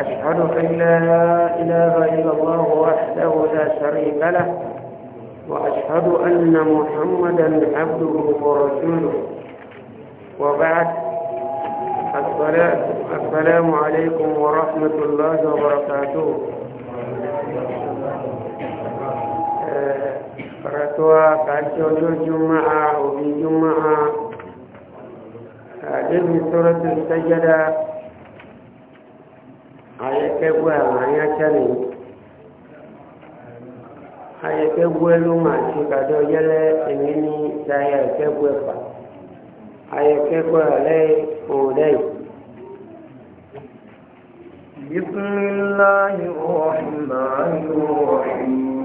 أشهد أن لا إله إلا الله وحده لا شريك له وأشهد أن محمدا عبده ورسوله وبعد السلام السلام عليكم ورحمة الله وبركاته Karatuwa kàtí ọjọ́ Juma'a, òbí جمعة àdébì آه، سورة Sajada, ayẹkẹgbẹ àárín atsẹni ayẹkẹgbẹ ló máa ti kadọ yẹlẹ èmi ní sáyà ẹkẹgbẹ fà ayẹkẹgbẹ alẹ òun dẹyìn. بسم الله الرحمن الرحيم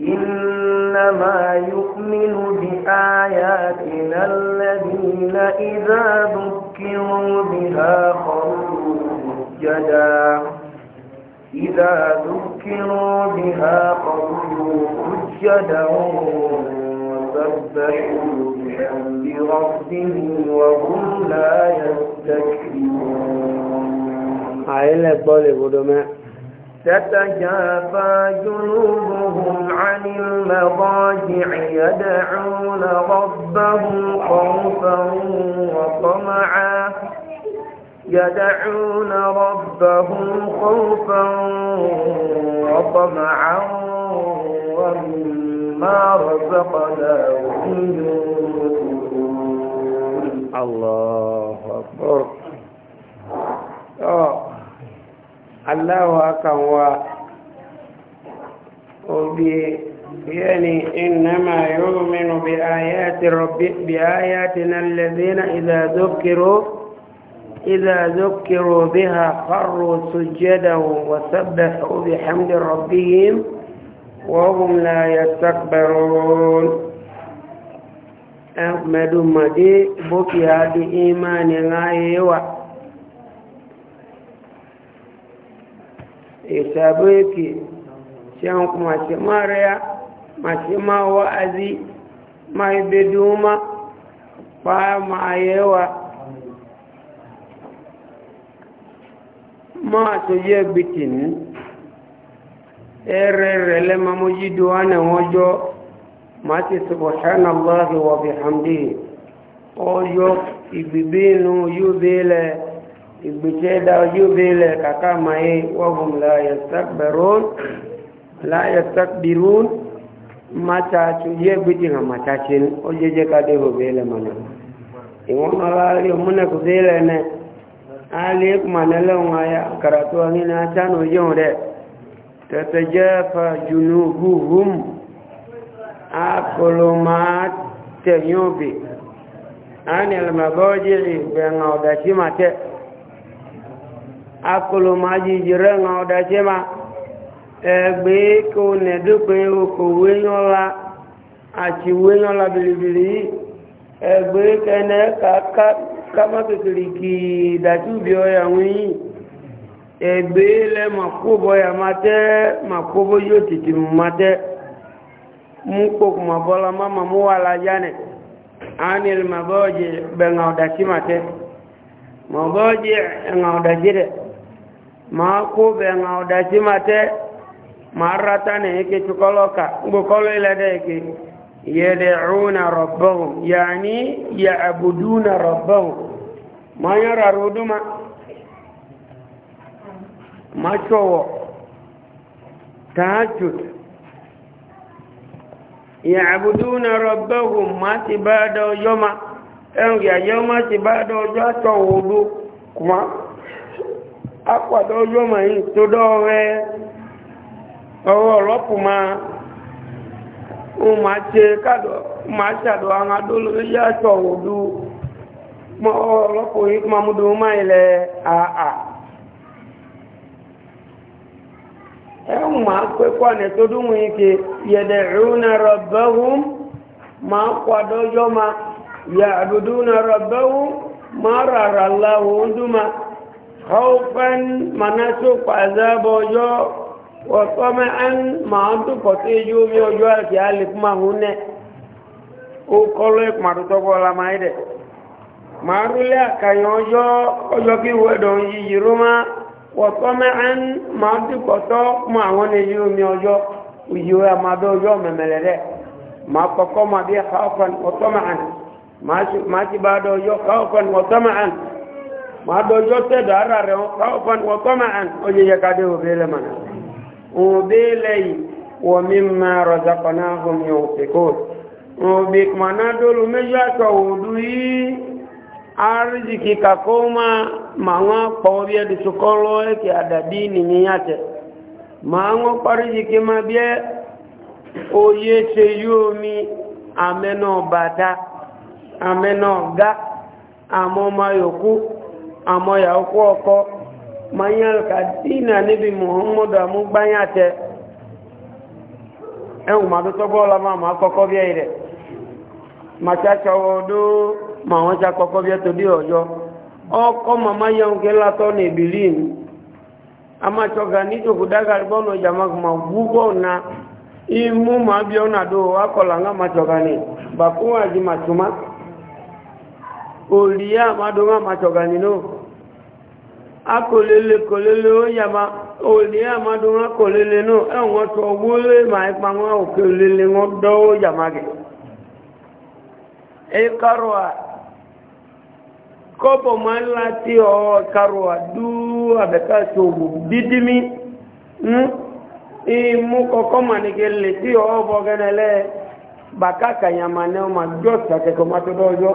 إنما يؤمن بآياتنا الذين إذا ذكروا بها خروا سجدا إذا ذكروا بها خروا سجدا وسبحوا بحمد ربهم وهم لا يستكبرون. عائلة الطالب بودو تتجافى جنوبهم عن المضاجع يدعون ربهم خوفا وطمعا يدعون ربهم خوفا وطمعا ومما رزقناهم ينفقون الله أكبر آه. الله و يعني إنما يؤمن بآيات رب بآياتنا الذين إذا ذكروا إذا ذكروا بها خروا سجدا وسبحوا بحمد ربهم وهم لا يستكبرون أحمد مدي بكي هذه إيمان غايوة sabo yake shan kuma ce maraya mace ma wa'azi mai biduma ba ma yawa ma to je bitin erere le mamuji duwana mojo mati subhanallahi wa bihamdihi ojo ibibinu yubile ìgbìtẹ́ dájú bílẹ̀ kàkà máyé wọ́gùn láyẹ̀tàkbìrún mátàtù yẹ́ gbìtì hàn mátàtù ó jẹ́jẹ́ ká déhò bílẹ̀ mọ̀nà ìwọ́n aláàrí òmúnẹ̀kù bílẹ̀ nẹ alẹ́ kùmànẹ́lẹ́wọ̀n ayá kàràtù àmìnà àtànà òjòun rẹ̀ tẹ̀tẹ̀jẹ́fà jùlù hùhùm akọlọmọ́tẹ̀yọ́bì akolo ma jijire ŋa ọdachi ma egbe ko nedope oko wenyola achi la bilibili egbe kene kaka kama kekiri ki dati ubi ọya nwunyi egbe le makwubo ya mate makwubo yo titi mu mate mu kpoku mabola mama mu wala jane anil maboji be ŋa ọdachi mate maboji ŋa ọdachi de maako bɛnga o dasi ma tɛ maara ta ne eke cokolo ka ngo kolo ila de eke yɛde cuna robbahu yaani yacbuduna robbahu manyara ruduma macowo tahajud yacbuduna robbahum mati baadao yoma engya yoma ti baadao jo acowudu kuma akwado ojú ọmọ yìí tó dọ́ọ̀rẹ́ ọwọ́ ọ̀rọ́pù máa ó máa ṣe kádọ̀ máa ṣàdọ̀ àwọn adóló yàtọ̀ òdu mọ́ ọ̀rọ́pù yìí máa mú dùn máa ilẹ̀ àà ẹ̀hùn máa pẹ́ kọ́ni tó dùn yìí yẹ̀dẹ̀ rúnà rọ̀bẹ́hùn máa. خوفا مناسوك عذاب وجو وطمعا ما أنتو فتيجو مي وجو الكيالك ما هنا وقلوك مارتوك ولا ما يدي مارلا كيوجو وجو كي ودون جيروما وطمعا ما أنتو فتوك ما هنا جو مي وجو وجو ما دو جو مملده ما فقوم بي خوفا وطمعا ما ما تبادو جو خوفا وطمعا máa dọjọ́ tẹ̀dọ̀ ara rẹ̀ wọ́n kọ́ máa ń ó yẹyẹ ká dé òbí lẹ̀ mọ̀nà òbí lẹ̀ yìí wọ́n mi máa rọ̀jà kọ́nà fún mi òfè kó òbí mọ̀nà dólú méjì àtọ̀ òdu yìí arziki kakó máa máa wọ́n pọ̀ bí ẹ̀dì sọkọ́ lọ́ ẹ̀kẹ́ àdàdí nìyíyàn tẹ̀ máa wọ́n parí yìí kí máa bí ẹ́ oyé ṣe yóò mi àmẹ́nà bàtà àmẹ́nà ọ̀gá àmọ́ ọmọ yòókù. àmọ ìyàwó kó ọkọ ma ń yẹ́ ọ̀kà dínà níbi mọ̀húnmọ́dọ̀ àmúgbáyà tẹ ẹ̀hùn ma tó tọ́gbọ́ ọlá máa ma kọ́kọ́ bí ẹ̀rẹ̀ ma ṣe aṣọ ọdọ́ ma wọ́n ṣe kọ́kọ́ bí ẹ̀tọ́ bí ọjọ́ ọkọ́ ma ma yẹ ọ̀kẹ́ látọ́ ní ìbílí mi a máa ṣe ọ̀gá ní ìjòkó dágàrí bọ́ọ̀nù ìjà ma ma wú bọ́ ọ̀nà imú ma bí ọ̀nà àdó akọ orí yá máa dún máa tọ̀gà nínú akọlele kọlele ó yàmá orí yá máa dún máa kọlele nù ẹ̀wọ̀n e wọn tọ owó lè máa ẹ e pa wọn òkè lele wọn dọ́ ó yàmá gẹ̀. ẹ e kárọ̀ à kọ́pọ̀ máa ń láti ọ kárọ̀ à dúró àbẹ̀ká ìṣòwò dídímí ìmú hmm? kọ́kọ́ mà ní kí lè tí ọ bọ́ gẹ́nẹ́lẹ́ bàkà kàyàmà ni ọ máa jọ́ ṣàkẹ́kọ̀ọ́ máa tó dọ́ ọjọ́.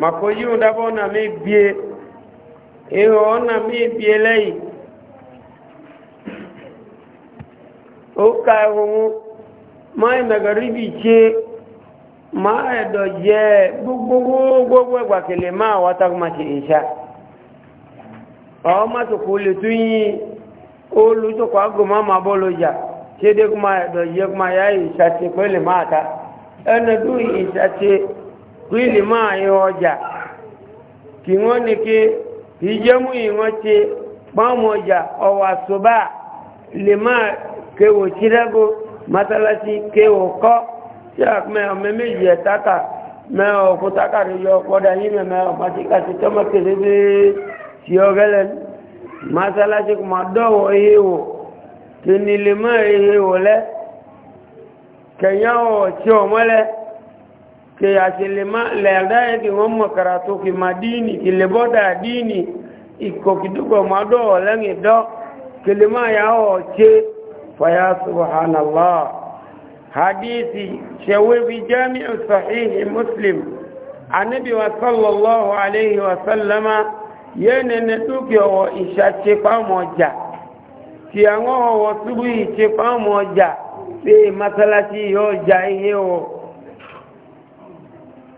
mako yiwu ọ na mi bie ọ na mi bie lẹ́yìn o ka ohun máa ìmẹ̀gàríbì ṣe máa ẹ̀dọ̀ jẹ́ gbogbogbogbo ẹgbàkẹ̀lẹ̀ máa wá takumàṣe ìṣá ọmọ tòkó lè tún yí olùtòkó agoma máa bọ́ lọ́jà ṣédé kó máa ẹ̀dọ̀ jẹ́ kó máa yá ìṣàṣe pẹ́lẹ̀ máa ta wíìlì máa yọ ọjà kí wọ́n ní kí ìjẹ́mú ìwọ́n ti pọ́nmù ọjà ọwà ṣùgbà lè máa kéwò tírẹ́gò mátálásí kéwò kọ́ tí a mẹ́ ọmọ méjì ẹ̀ tákà mẹ́ ọ̀pọ̀ tákà rẹ̀ yọ ọ̀pọ̀dà yín mẹ́ ọ̀pọ̀ tí ká ke asilima leldaye ki ngommo karatu ki madini ki leboda dini iko kiduko mado olengi do kilima yao che faya subhanallah hadithi shewe bi jami'u sahihi muslim anabi wa sallallahu alayhi wa sallama yene ne duki o isha che pamoja ti ango o subuhi che pamoja se masalati yo jaihe o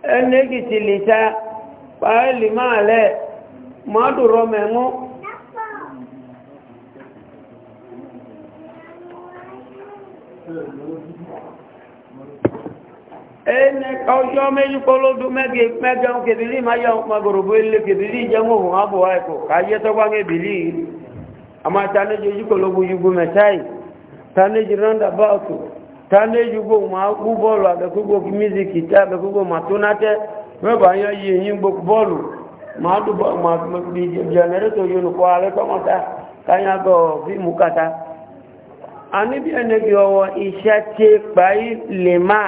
ẹnẹ́gì ti lè ta pàálì máa lẹ̀ mọ́dúrọ mẹ́mú ẹnẹ́ ọjọ́ méjì kọlọ́dún mẹ́gẹ̀ mẹ́gẹ̀un kèbìlì máa yọ magorobo ilé kèbìlì jẹun ohun àbúwá ẹ̀kọ́ káyẹ́ tọ́gbá ẹ̀bìlì àmà tánẹ́jì ojú kọlọ́gbù yúgbù mẹ́táì tánẹ́jì tane yugo ma ku bolu aga ku go music ta aga ku go matunate we yin gbo bolu ma du ba ma bi generator yo ko ale ko mata kanya go bi mukata ani bi ene ki owo pai lema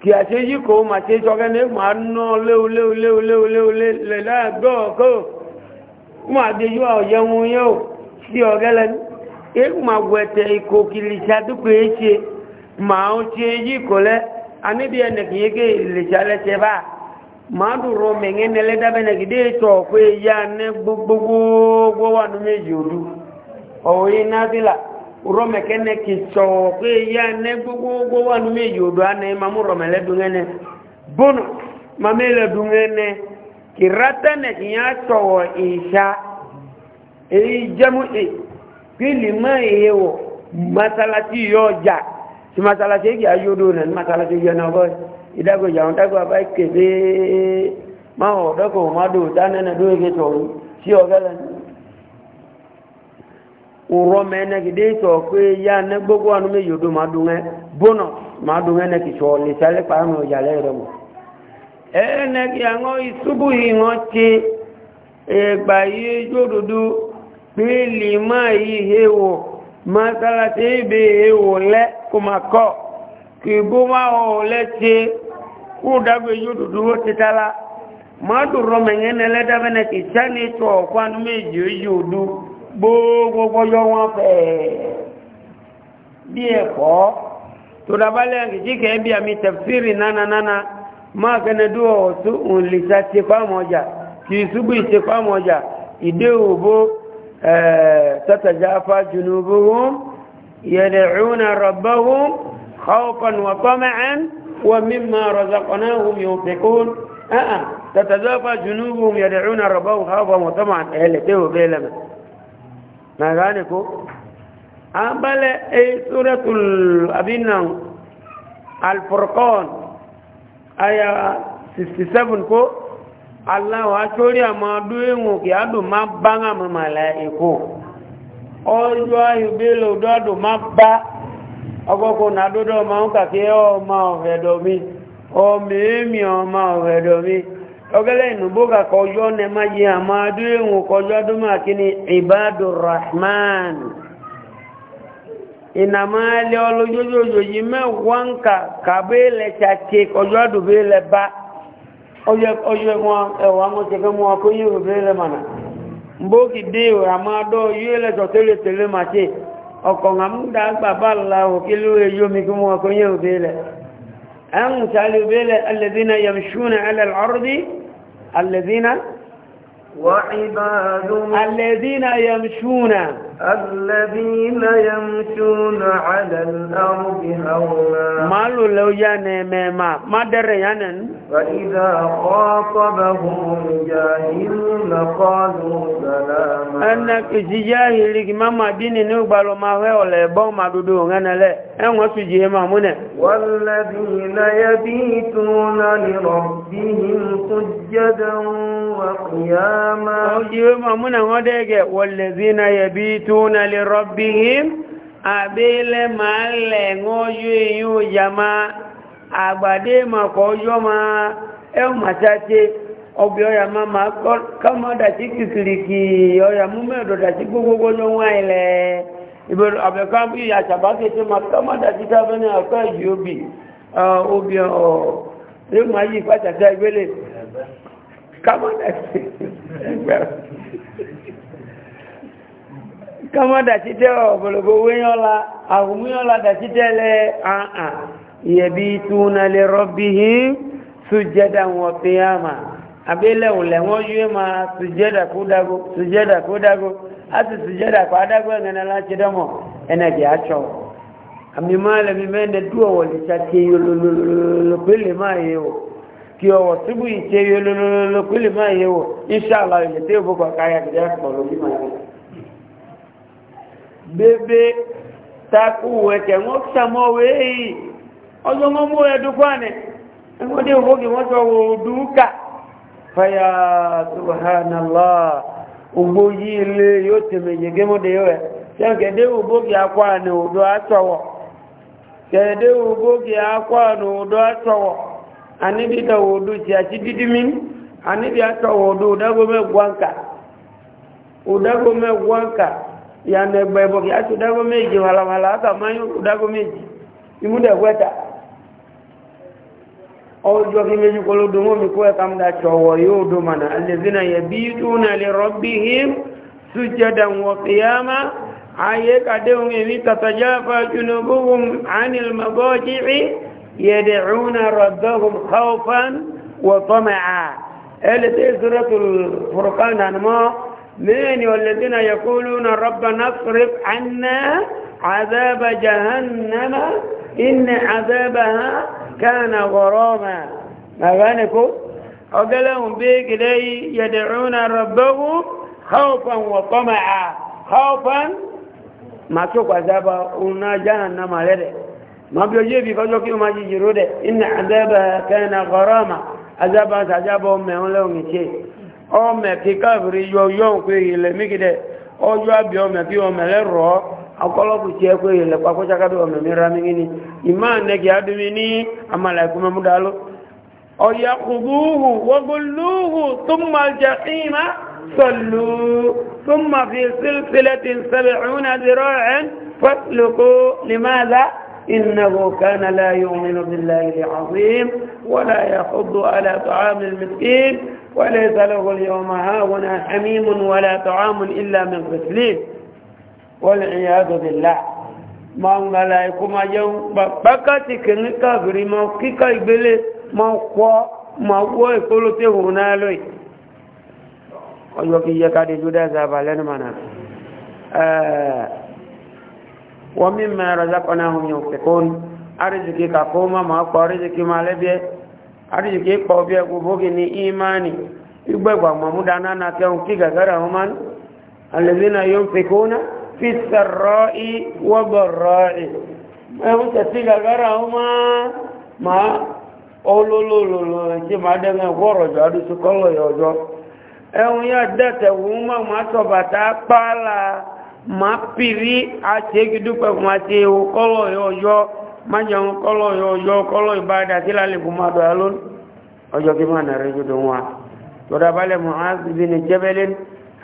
ki a se yi ko ma se ma no le le le le le le la go ma de yo yo si ogele ni eguma gwete iko kilisha duku eche ma oche yi kole ani bi ene ki yege ilisha le se ba ma du ro menge ne le dabe ne ki de to pe ya ne gbogbo wa nu meji odu o na dila ro me ke ne ki to pe ya ne gbogbo wa nu odu ane ma mu ro me le du ngene ma me le du ngene ki rata ne ki ya to isha e jamu e, pili mai yewo masalati yoja si masalati yegi ayo do nan masalati yegi na boy ida go jaun ta go ba ke de ma o do go ma do ta na na do ke to si o ga lan o ro me na gi de to ko ya na go go anu me yo do ma do nge bono ma do nge na ki so ni sale pa mo ya le ro e na gi an o isubu hi ngo ti e gba yi jododo pili ma yi hewo masalati ibe hewo le kumako kibu ma o le tse ku dagbe yi dudu o titala ma duro menye ne le dabe ne ti tse ni tso ọkwa nu meji oji odu gbogbogbo yọ wọn fẹ bi ẹkọ to daba le ẹnke tí kẹ bi ami tẹfiri nana nana ma kẹne du ọsùn òlìṣà tí kwamọjà kì í súbú ìṣe kwamọjà ìdè òbó. تتجافى جنوبهم يدعون ربهم خوفا وطمعا ومما رزقناهم ينفقون أه تتجافى جنوبهم يدعون ربهم خوفا وطمعا اهلته بيلما ما غانكو أبل أي سورة الأبنان الفرقان آية 67 كو aláwọ̀ atórí àmọ́ ọdún ìwọ̀n kì á dùn má bá àmọ́ màlá èkó ọjọ́ ìbílò dọ́dùn má bá ọgbọ́kùn náà dúdọ́ ma ń kàkí ọmọ ọ̀rẹ́dọ̀ mi ọmọ èmì ọmọ ọ̀rẹ́dọ̀ mi ọgẹ́lẹ́ ìnùbó kàkọ ọjọ́ rahman ìnàmọ́ ẹlẹ́ ọlójójójò yìí mẹ́wàá ń kà kàbé ilẹ̀ ṣàkè ọjọ́ ọdún bí ilẹ̀ oye oye wọn ẹwà wọn tẹfẹ mú wọn kó yí òbí lẹ mọnà mbókì dé ìwòrán máa dọ yí ẹlẹsọ tẹlẹ tẹlẹ máa ṣe ọkọ ńàmúdà gbàgbà la kí wọn kó الذين يمشون على الأرض هونا ما لو يانا ما ما در يانا فإذا خاطبهم الجاهلون قالوا سلاما أنك جاهل ما ما دين نقبل ما هو لبو ما دودو أنا لا أنا سجيه ما منه والذين يبيتون لربهم سجدا وقياما أو جيه ما منه هذا والذين يبيت يبيتون لربهم abele male ngoju yu yama abade ma kojo ma e matate obi oya mama kama da tikikiriki oya mume do da tigugugo no waile ibo abeka bi ya chabake te ma kama da titabene akaji obi obi o e ma yi pata ta ibele kama kama dàtítẹ́ ọ̀bọ̀lọ̀bọ̀ wéyànlá àhùmúyànlá dàtítẹ́ lẹ àà ìyẹ̀bí túnà lè rọ́bí hí sùjẹ́dà wọn fi àmà abẹ́lẹ̀hùn lẹ́wọ́n yóò máa sùjẹ́dà kó dágó sùjẹ́dà kó dágó a sì sùjẹ́dà kó adágó ẹ̀ngẹ̀nà láti dánmọ̀ ẹnẹ̀dì àtsọ̀ àmì máa lẹ́mi mẹ́ẹ̀nẹ́ dú ọ̀wọ̀ lè ṣàkíyè yololololo pé máa yẹ o kí ọ̀wọ̀ síbù ìṣe yololololo pé lè máa yẹ bébé taku wẹ̀tẹ̀ wọ́n sàmọ́ wéyìí ọjọ́ mọ́ mú ẹ̀dù fáàni ẹgbọ́n dé òfókè wọ́n sọ wò dúkà fàyà subhanallá ògbó ilé yóò tèmè yẹgẹ́mọ́dé rẹ̀ kẹ́kẹ́dé ògbókè akwáàni òdó àtọwọ̀ yàndẹ gbẹ̀bọ̀ kí a tó dágó méjì wàlàwàlà àtàmà yóò dágó méjì ìmúdẹ̀ wẹ́ta ọjọ́ kí méjì kó ló dùn mọ́mí kó ẹ̀ka mú dàtọ̀wọ̀ yóò dùn mọ̀nà alẹ́sìnà yẹ bí túnà lè rọ́bí him sùjẹ́dà wọ̀ kìyàmá ayé kàdéhùn èmi tàtàjá fàájúnà bóhùn ánìl magọ́jìrì yẹ̀dẹ̀ rúnà rọ̀dọ́hùn kọ́fán wọ̀ tọ́mẹ̀ à ẹlẹ́tẹ̀ sọ́rọ̀tù furkan ànàmọ́ من والذين يقولون ربنا اصرف عنا عذاب جهنم إن عذابها كان غراما ما بانكم وقالهم بيك لي يدعون ربهم خوفا وطمعا خوفا ما شوك عذابا قلنا جهنم لدي ما بيجي بيقولوا كيما يجي رودي إن عذابها كان غراما عذابها عذابهم ما هو لهم شيء ọmọ kí káàbìrì yọ yọ́n pé ilẹ̀ mígidẹ̀ ọjọ́ àbí ọmọ kí ọmọ lẹ́rọ̀ akọ́lọ́pù tí ẹ pé ilẹ̀ pàkóṣákádọ́ ọmọ mi ra mígí ni ìmá nẹ́gì adúmí ní amàlàkú mẹ́múdáló ọ̀yà kùbúhù wọ́gbọ́lúhù tó mọ jàkínà sọ̀lù tó mọ fi sílẹ̀ tí sẹ́bẹ̀ إنه كان لا يؤمن بالله العظيم ولا يحض على طعام المسكين وليس له اليوم هاهنا حميم ولا طعام إلا من غسلين والعياذ بالله ما ملائكة يوم جاءوا بكاتي كن كافر ما كيكا ما قوى ما قوى يقولوا تهونا لوي ọjọ́ kí yẹ káàdì jùdá ìzàbà ومما رزقناهم ينفقون arziki ka koma ma kwa ma lebe arziki pa imani ma muda na na ke unki gagara human alladhina yunfikuna fi sarra'i wa dharra'i ma unta ti gagara huma ma ololololo ti ma de me ya ma piri ategi dupe kuma te o kolo yoyo ma jẹun kolo yoyo kolo ibada ti lale kuma do alon ojo ki ma na rejo do wa to da bale bin jabal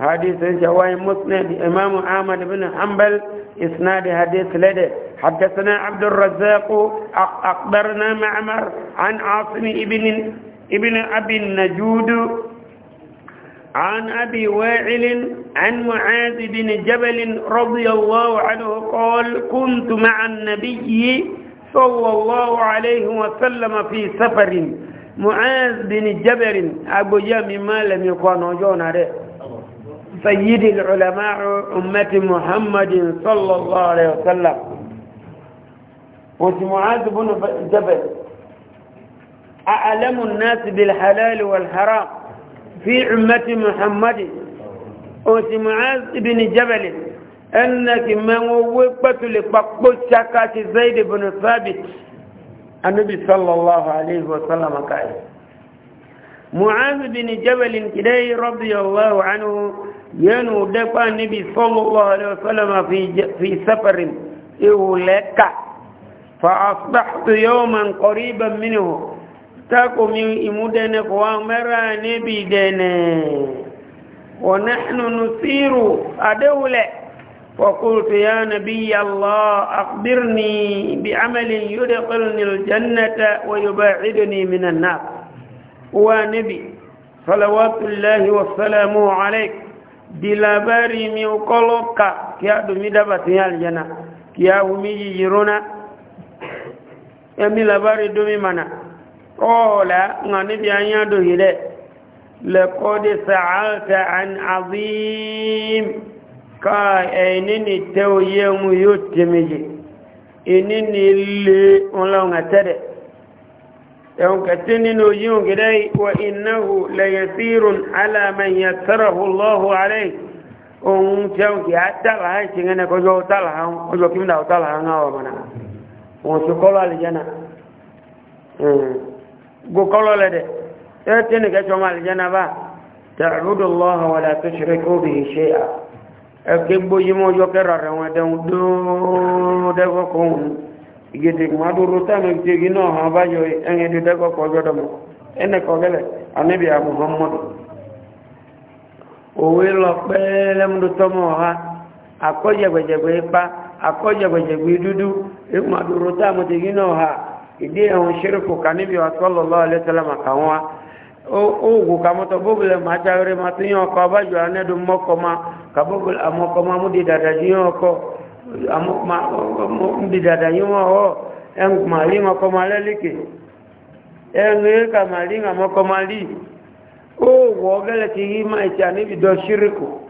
حديث جواي مسند إمام أحمد بن حنبل إسناد حديث لدى حدثنا عبد الرزاق أخبرنا معمر عن عاصم ابن ابن أبي النجود عن أبي وائل عن معاذ بن جبل رضي الله عنه قال كنت مع النبي صلى الله عليه وسلم في سفر معاذ بن جبل أبو يامي ما لم يكون جون سيد العلماء أمة محمد صلى الله عليه وسلم معاذ بن جبل أعلم الناس بالحلال والحرام في عمة محمد أوسي معاذ بن جبل أنك من وقت لقبو شكاة زيد بن ثابت النبي صلى الله عليه وسلم قال معاذ بن جبل كدي رضي الله عنه ينو دفع النبي صلى الله عليه وسلم في, في سفر إولاك فأصبحت يوما قريبا منه tako mi imudene kwa mara ne bidene wa nahnu nusiru adawla wa qultu ya nabiy allah akhbirni bi amalin yudkhilni al jannata wa yub'idni min an nar wa nabi salawatullahi wa salamu alayk dilabari mi ukoloka kia dumida batia aljana kia humi yiruna emi labari dumi mana kọ́ọ̀lá nga níbi anyádò hìlẹ̀ lẹ́kọ́dé sàáta an azim ká ẹni ni tẹ́ oyé mu yóò tẹ́mẹ̀yẹ ẹni ni lè ọlọ́run àtẹ́rẹ̀ ẹ̀hùn kẹtí nínú yíò gẹ́dẹ́ wa ináhù lẹ́yẹsírùn alámẹ́yẹ tẹ́rẹ̀hù lọ́hù alẹ́ ohun tẹ́hùn kì á tààlà á ṣe ń ẹnẹ́kọ́jọ́ tààlà á ọjọ́ kí gokolo le de e tini ke choma aljanaba ta'budu allaha wa la tushriku bihi shay'a e ke boyi mo yo ke rare won de do de go kun igede maduru ta no te gino ha ba yo en edu de go ko jodo mo ene ko gele anabi muhammad owe lo pe le mu to mo ha akoje gbeje gbe pa akoje gbeje gbe dudu e maduru ta mo ìdí ẹ̀hún ṣírìkù ká níbi sallallahu alaihi wasallam kàwọn wa oògùn kàmọ́tọ̀ bóbulẹ̀ máa jáwéré máa tún yàn ọkọ̀ abájọ anẹ́dùn mọ́kọ́má ka bóbulẹ̀ amọ́kọ́má múdi dàdà yín ọkọ̀ múdi dàdà yín ọ̀họ́ ẹn màlí mọ́kọ́má lẹ́lẹ́kẹ̀ ẹn ẹ̀ kà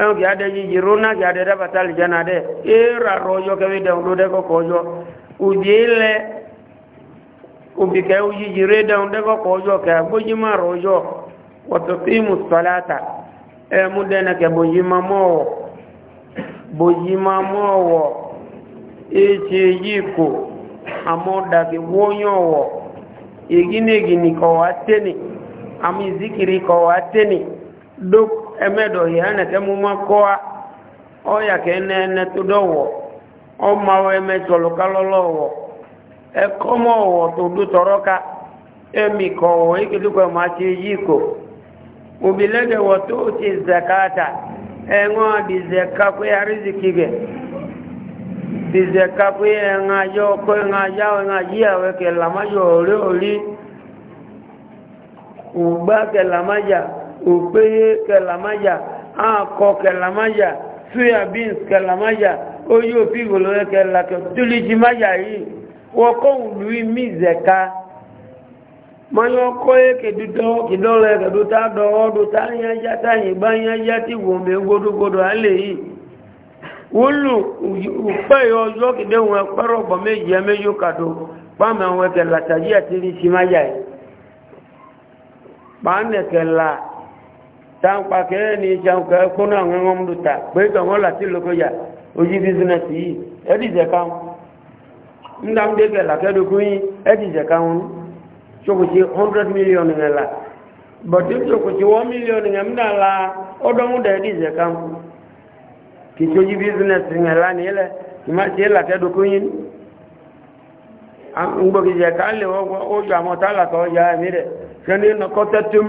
ẹ̀hún kìí adé yìí yìí rónà kìí adé dábàtà àlìjáná dẹ éèrà rọjò kẹwé dẹ̀hún ló dẹ́kọ̀kọ̀ ọjọ́ òdì ilẹ̀ òbí kẹ́ yìí yìí ré dẹ̀hún dẹ́kọ̀kọ̀ ọjọ́ kẹ́ agbójúmọ̀ rọjò wọ́tò fíìmù sọ́láta ẹ̀mú dẹ́nà kẹ́ bòjímọ̀ mọ́wọ́ bòjímọ̀ mọ́wọ́ ètì yìí kò àmọ́ dàbí wọ́nyọ̀wọ́ ègínègínì kọ̀ wá tẹ́nì àmì ìzíkiri kọ̀ wá tẹ́nì dókò ɛmɛdɔ yi anɛ kɛmu ma kɔa ɔya kɛnɛ ɛnɛtu dɔ wɔ ɔma wɔ ɛmɛ tsɔlɔ kalɔlɔ wɔ ɛkɔmɔ wɔ tó do tɔrɔ ka ɛmi kɔ wɔ ekele kɔ ma tsi yi ko obi lɛ de wɔ tó tsi zɛ kata ɛŋɔ e di zɛ kakó ya riziki gɛ di zɛ kakó ya ɛŋa yɔ kó ɛŋa ya wɔ ɛŋa yi awɛ kɛ lamadza ɔri ɔri ugba kɛ lamadza. òpéye kẹlàmáyà àkọ kẹlàmáyà soya beans kẹlàmáyà oyé òfin ìwòlò kẹlà kẹtùlìjì máyà yìí wọ́n kọ́ wùlú mí zẹ̀ka mọ́yọ́ kọ́ yé kẹdùtọ́ kìdọ́lẹ̀ kẹdùtà dọ́wọ́ alẹ́ yìí wúlù yọ ọjọ́ kìdẹ́ wọn pẹ́rọ̀ bọ̀ méjì ẹmẹ́yọ kàdó pàmò àwọn kẹlà àti yìí táǹpà kẹ́rẹ́ ní ìjàun kẹ́rẹ́ kónú àwọn ẹ̀wọ̀n mú ta pé tọ̀wọ́n láti lókòyà ojú bísínẹ́sì yìí ẹ́dìjẹ̀ káwọn yi kẹlà kẹ́dùkún yìí ẹ́dìjẹ̀ káwọn ṣokùsí 100 million ẹ̀là bọ̀tí ṣokùsí 1 million ẹ̀mdàlá ọdọ́múdà ẹ́dìjẹ̀ káwọn kì í ṣojú bísínẹ́sì ẹ̀là nílẹ̀ kì má ṣe là kẹ́dùkún tum.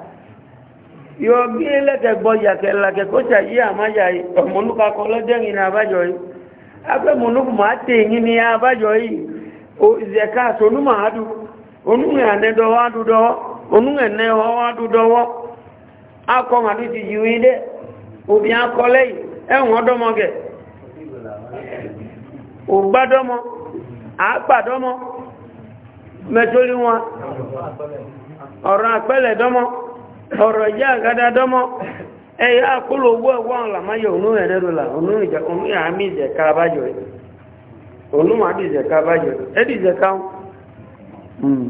yóò bí lẹ́kẹ̀ gbọ́ yàkẹ́ làkẹ́ kó tà yí àmájà ọ̀mọ̀nùkà kọ́ lọ́dẹ́yìn ní abájọ yìí afẹ́ mọ̀nùkù máa tẹ̀yìn ní abájọ yìí zẹ̀ká sonúmọ̀ adú onúhẹ̀ ànẹ́dọ́wọ́ adúdọ́wọ́ onúhẹ̀ nẹ́wọ́ adúdọ́wọ́ akọ́ màdú ti yìí wí dẹ́ òbí akọ́ lẹ́yìn ẹ̀wọ̀n ọdọ́mọ gẹ̀ ògbádọ́mọ àápàdọ́mọ mẹ́tólí wọn ọ̀rọ̀ àpẹ́lẹ̀dọ́mọ ọ̀rọ̀ jẹ́ àgádá dọ́mọ́ ẹ̀yà àkúlò owó ẹ̀wọ́ àwọn làmáyọ̀ ònú ẹ̀rẹ́rọ̀là ònú àmì ìzẹ̀ká abájọ́ rẹ̀ ònú àmì ìzẹ̀ká abájọ́ rẹ̀ ẹ̀dì ìzẹ̀ká hmm.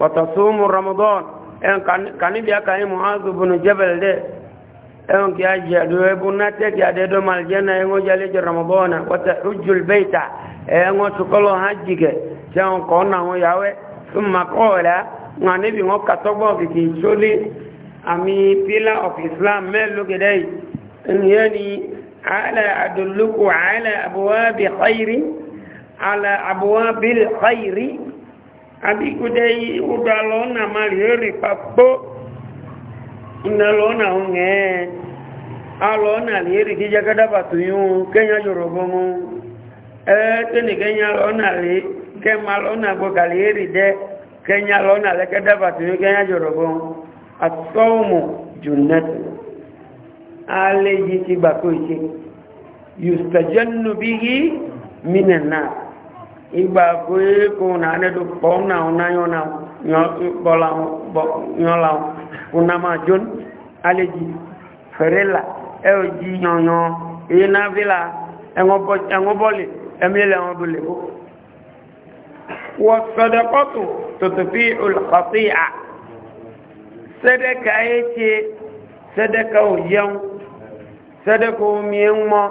wàtàsóòmù ramadan ẹ̀n kàníbi àkàyè muhammadu bùnú jẹ́bẹ̀lẹ̀ dẹ̀ ẹ̀n kí a jẹ́ àdúrà ẹ̀bùn náà tẹ́kì àdẹ́dọ́ màlìjẹ́nà ẹ̀wọ́n jẹ́lẹ́jẹ́ ramadan wàtà rújùl bẹ́ẹ̀ta ẹ̀wọ́n tukọ́lọ̀ hajj kẹ̀ sẹ́wọ̀n kọ́ náà wọ́n yàwẹ́ fún makọ́ọ̀lá wọn àníbi wọn kàtọ́gbọ́n kìkì àmì pillar of islam mẹ́lú gẹ̀dẹ́ ìyẹn ni ala adulluku ala abuwabi khairi ala abuwabi khairi abikude udo alona mariori papo inalona unge alona lieri kijakada patuyun kenya yorobomu eh teni kenya alona li kema alona gokalieri de kenya alona lekada patuyun kenya yorobomu asọ́ọ̀mù jùnẹ́tì alẹ́ yìí ti gbà kó ìṣe yùsàjẹ́nu bí i mínà náà ìgbà kó èkó náà nẹ́dù pọ́m náà náà yọ náà yọ́la kúnná máa jọ́n alẹ́ yìí fẹ̀rẹ̀ là ẹ ò jí yọ̀nyọ̀ èyí náà fi là ẹ̀wọ̀n bọ́ọ̀lì ẹ̀mí ilẹ̀ wọn bọ̀lì wọ́n sọ̀dọ̀kọ́tù tòtòfí olùkọ́sí à sadaka ya ce sadaka yan sadaka omiyan mọ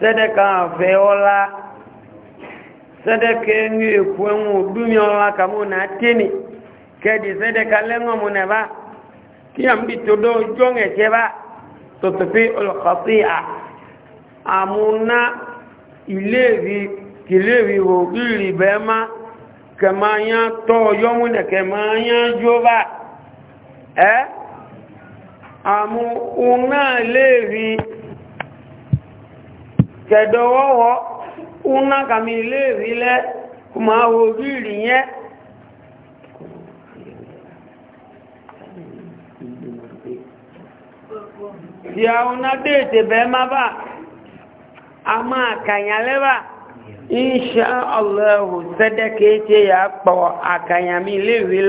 sadaka afeola sadaka enyo ekwu dumiola ka na tini kedi sadaka lengo mu na ba kiyam bi todo jonge ke ba tutfi al khati'a amuna ilevi kilevi wo gili bema kemanya to yomu ne kemanya joba ẹ́ àmú òun náà lè rí tẹ̀dọ̀wọ́wọ́ òun náà kàmí lè rí lẹ́ kùmà orí rí tí a ọ̀nà déètè bẹ́ẹ̀ má bà a máa kànyà lẹ́bà inṣẹ́ ọlọ́run tí a pọ̀ lè rí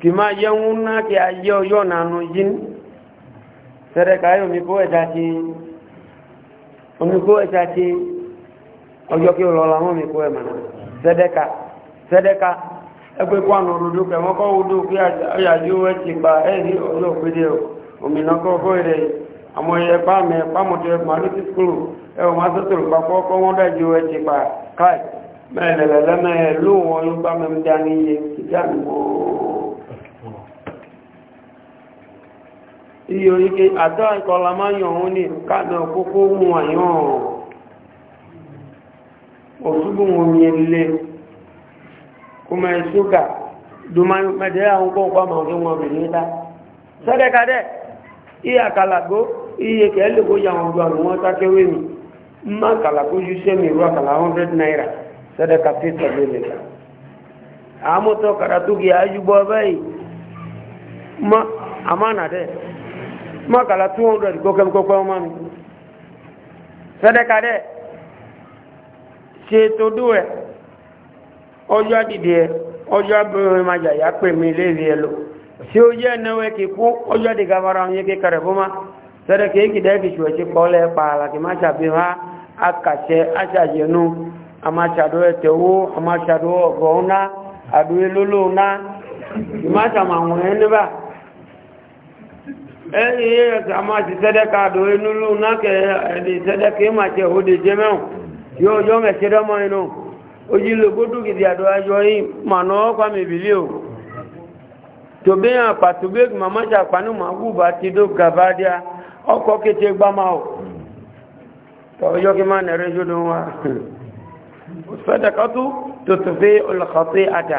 kìmá yẹun náà kí a yẹ ọyọ́ nànú yín sẹ́rẹ̀ká yóò mi kó ẹ̀ta e ti omi kó ẹ̀ta ti ọjọ́ kí ọlọ́ làwọn mi kó ẹ̀mà sẹ́dẹ́ka sẹ́dẹ́ka ẹgbẹ́ kó àná òdodo kẹwọn kọ́ òdodo kí ayájú ẹ ti gba ẹ̀rí ọjọ́ òpédé o omi náà kọ́ kó èrè àmọ́ ẹ̀yẹ pàmẹ́ pàmọ́tò ẹ̀kọ́ àlùtí bá mẹ́mí dání iye kíkà nìmọ́ọ́. iyo ike àdá ìkọlà máa yọ̀hún ní káàdà kókó mú àyàn òtúgbùn omi ilé kúmọ̀ ìṣúgà dùmọ̀dẹ́ àwọn pọ́npọ́ mọ̀ kí wọ́n bèèrè dá sẹ́dẹ̀kadẹ́ iye àkàlàgbó iye kẹ́lẹ̀kó yàwọn gbà wọ́n tákẹ́wé mi má kàlàgbó yú mi ìrú àkàlà 100 naira sẹ́dẹ̀ka fífẹ́ bèèrè dá àmútọ́ kàràtúkì ayúbọ báyìí má àmánà mọ́kànlá 200 kókẹ́ kókẹ́ ọmọ mi sẹ́dẹ́kadẹ́ ṣe tó dó ẹ̀ ọjọ́ dìde ẹ̀ ọjọ́ abẹ́rẹ́ máa jà yá pè mí léèrè ẹ̀ lò ṣé ó kí kú kí fún ma sẹ́dẹ́kẹ́ èkì dẹ́kì ṣù ẹ̀ṣẹ́ pọ́lẹ̀ pààlà kì má àmàṣàdó àmàṣàdó ńlá ńlá ẹni yẹ a máa ti sẹ́dẹ́ka àdó inú lù náà kẹ ẹni sẹ́dẹ́ka ìmà tẹ òde jẹ mẹ́wọ̀n yóò yọ mẹ́sẹ̀ dọ́mọ́ inú ojú lè gbódù gidi àdó ayọ yìí mà nà ọ́ kwami bìlí o tòbí yàn pàtó bí èkì màmá jà pàánù mà wù bá ti dó gàbá díà ọkọ̀ kété gbámá o tọ́jọ́ kí má nẹ̀rẹ́ jódò wa sẹ́dẹ́ka tó tòtòfé olùkọ́sí àtà.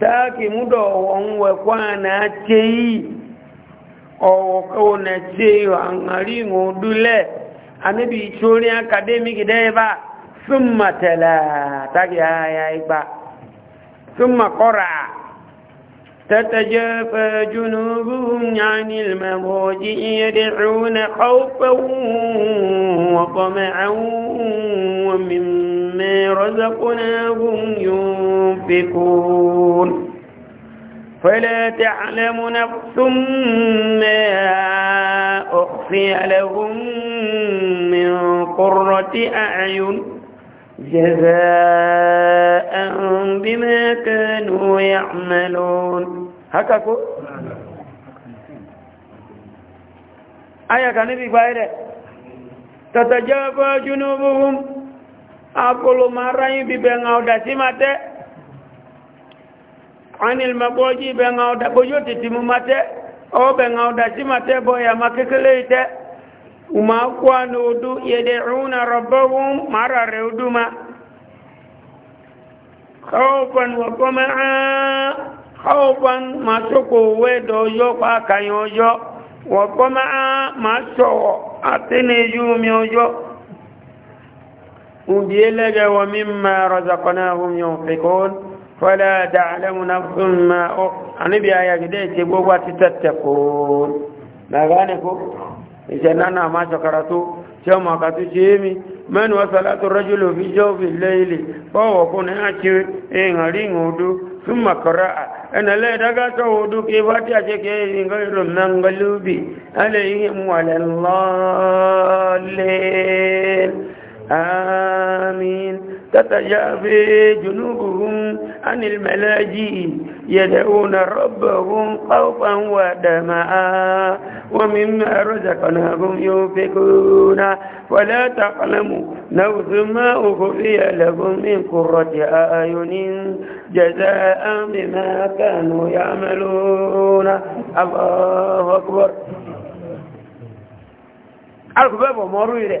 taki muda wonwe kwana chei owokona chei angalingo a anabi chori academic deba summa tala taki haya iba summa qara تتجافى جنوبهم عن المضاجع يدعون خوفا وطمعا ومما رزقناهم ينفقون فلا تعلم نفس ما أخفي لهم من قرة أعين جزاء بما كانوا يعملون هكاكو آية كان في بايرة تتجافى جنوبهم أقول مرة ببنغاو دسيمة عن المبوجي بنغاو دبوجو تتممة أو بنغاو دسيمة بويا ما ككليته uma kwa nudu yad'una rabbahum marare huduma khawfan wa tamaa khawfan masoko wedo yo pa kan ojo wa tamaa maso atene yumi ojo undielege wa mimma razaqnahum yunfiqun fala ta'lamu nafsun ma oh, anibi aya gide ce gogwa titattakun magane ko iṣẹ́ nánà máa ṣọ̀kàrà tó tí ọmọ àkàtú ṣe é mi mẹ́nu ọ̀sọ̀lá tó rọ́jú lò fi jọ́ fi lé ilé fọ́wọ̀ kún ní àti èèyàn rí ìhùn odó fún màkọ́rọ́ à ẹnà lẹ́ẹ̀dága tó odó kí bá tí a ṣe kí ẹ̀yìn kan ìrò mẹ́ngọ́lóbì alẹ́ yìí mú alẹ́ آمين تتجافي جنوبهم عن الملاجئ يدعون ربهم خوفا ودماء. ومما رزقناهم ينفقون فلا تعلموا نوث ما أخفي لهم من قرة أعين جزاء بما كانوا يعملون الله أكبر أكبر مرورة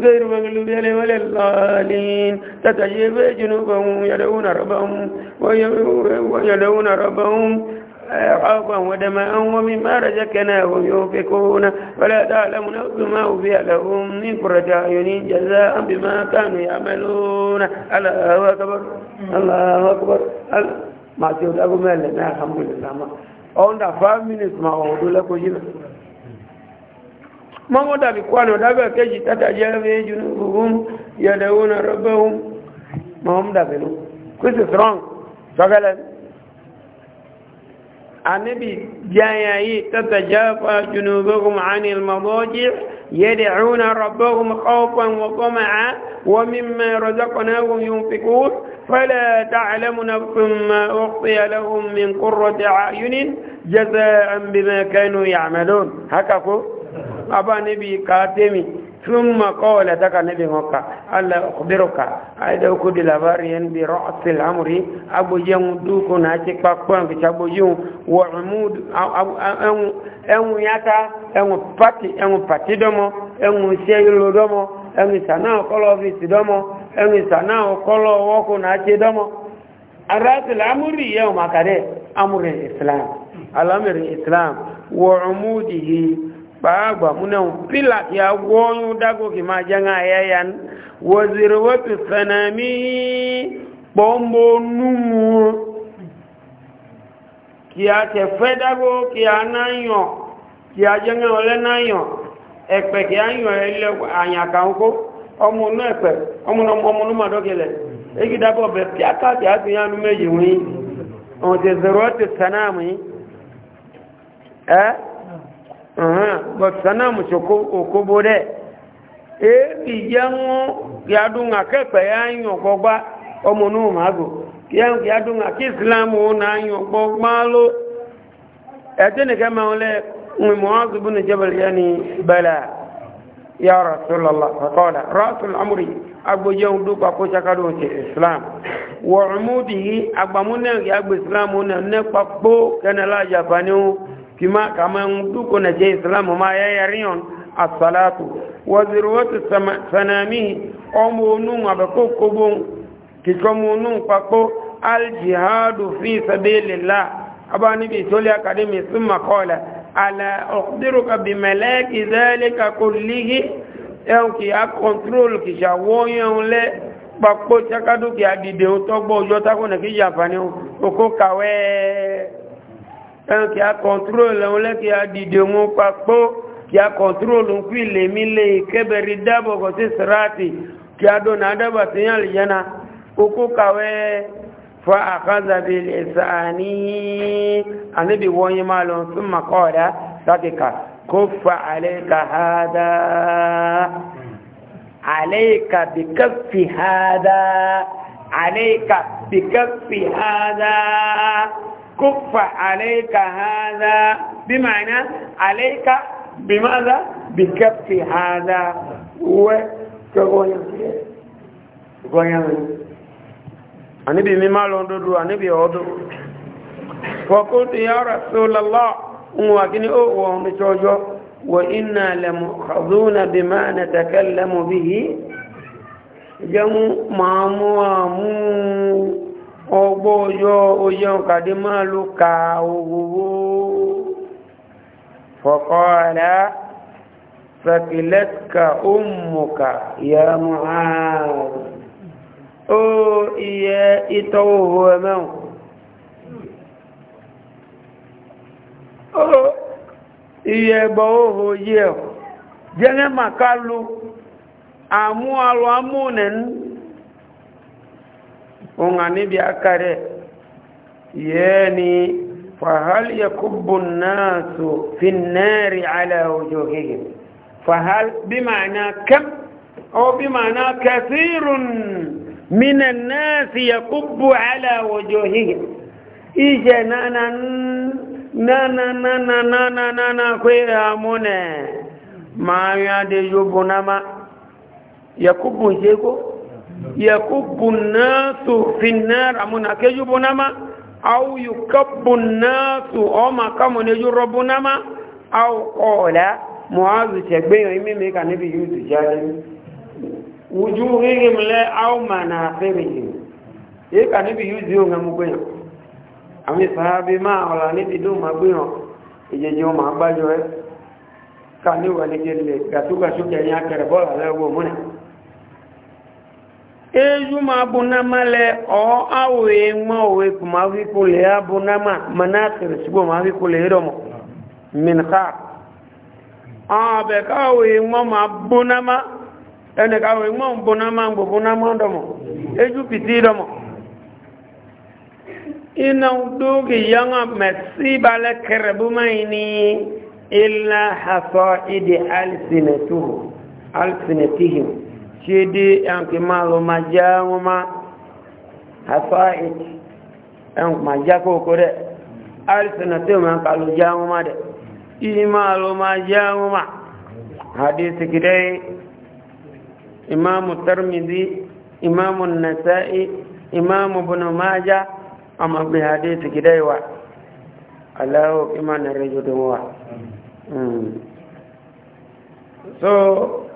غير مغلوب عليهم ولا الضالين تتجيب جنوبهم يدعون ربهم ويدعون ربهم عرقا ودماء ومما رزقناهم يوفقون ولا تعلم نفس ما أوفي لهم من قرة أعين جزاء بما كانوا يعملون الله أكبر الله أكبر ما تقول أقول الحمد لله ما 5 minutes ما أقول لك ما هو ده بيكون ده بيكج تتجاهل جنوبهم يدعون ربهم ما هم ده بينو كويس سرّان شغلة النبي جاءي تتجاهل جنوبهم عن المضاجع يدعون ربهم خوفا وطمعا ومما رزقناهم ينفقون فلا تعلم نفس ما أخطي لهم من قرة عين جزاء بما كانوا يعملون هكذا aba nabi ka temi thumma qala daga nabi ngoka alla ukhbiruka aida ku di labari yan bi ra'sil amri abu yang du ko na ci pakwan ki chabu yu wa umud en en yata en pati en pati domo en seylo domo en sana kolo office domo en sana kolo woko na ci domo arasil amri yau makare amri islam alamirin islam wa umudihi faagwa muna pila ya gonyu dago ki majanga yayan wazirwatu sanami bombo numu kia te fedago kia nanyo kia jenga ole nanyo ekpe kia anyo ele anyaka nko omo nu ekpe omo no omo nu madogele egi dago be piaka ti atu yanu meji wi on te zirwatu sanami eh but sanamu choko okobore ebi yango yadunga kepe yanyo kogba omunu mago yango yadunga kiislamu na yanyo kogmalo atene kama ole muaz ibn jabal yani bala ya rasulullah faqala rasul amri agbo jeun kima kama mduko na je islamu ma ya yariyon as-salatu wa zirwatu sanami omunu abako kobon kikomunu pako al-jihadu fi sabilillah abani bi toli academy thumma qala ala uqdiruka bi malaki dhalika kullihi au ki a control ki jawoyon le pako chakadu ki adide o togbo ojo takona ki japani o ko kawe ẹn kí a kọ̀ntrol ẹ̀hún lẹ́kí a dìde wọn papọ̀ kí a kọ̀ntrol ń kú ilé mi lè kébẹ̀rí dábọ̀ kọ̀ sí sirati kí a dọ̀nà dábà sí yàn lè kókó kàwé fa àkàzàbí lè sàání àníbi wọ́n yín máa lọ tún kó fa àlẹ́ ka àlẹ́ ka bìkẹ́ fi hádá àlẹ́ كف عليك هذا بمعنى عليك بماذا بكف هذا وكغويا غويا anibi mi ma lọ dodo anibi ọdọ fọkútù ya rasulallah nwa gini o wọ ọmọ ìṣọjọ wọ iná lẹmọ ọgbọ́ ọyọ́ oyẹ́ ọkàdé máa ló ka owó fọ̀kọ́ọ̀lá sàkìlẹ́tìkà ó mọ̀kà ìyàmù ààrùn ó iye ìtọ́wò owó ẹmẹ́hùn ó iye ẹgbọ́ owó yẹ́ jẹ́rẹ́ màkálù àmú alọ́ amúnẹ̀ẹ́ onga nibi akare yani fahal yakubbu an-nasu fi an-nari ala wujuhihim fahal bima'na kam aw bima'na kathirun من الناس يكب على وجوههم إيجا نانا نانا نانا نانا نانا كويرا مونة ما يدي جبنا yakubbu nasu finnar amuna keju bunama au yukabbu nasu oma kamo ne juro bunama au kola muazu chegbeyo imi meka nibi yutu jali wujuhihim le au manafirihim ika nibi yutu nga mugbeyo ami sahabi ma ola nibi du magbeyo ijejo ma bajo e kaniwa ni gele gatuga shuke nyakere bola ejuma bunama le o awe ma owe kuma wi kule ya bunama manakir sibo ma wi kule romo min kha abe ka owe e ma ma bunama ene ka owe e ma bunama ngbo bunama ndomo eju piti romo ina udogi yanga mesiba le kerebu maini illa hasaidi alsinatuhu alsinatihim shede yanki malo maja ngoma hafait yanki maja koko de alisanate ma kalu ja ma de imalo maja ngoma hadisi kidai imamu tarmidhi imamu nasai imamu ibn maja ama bi hadisi kidai wa alahu iman rajulun wa mm. so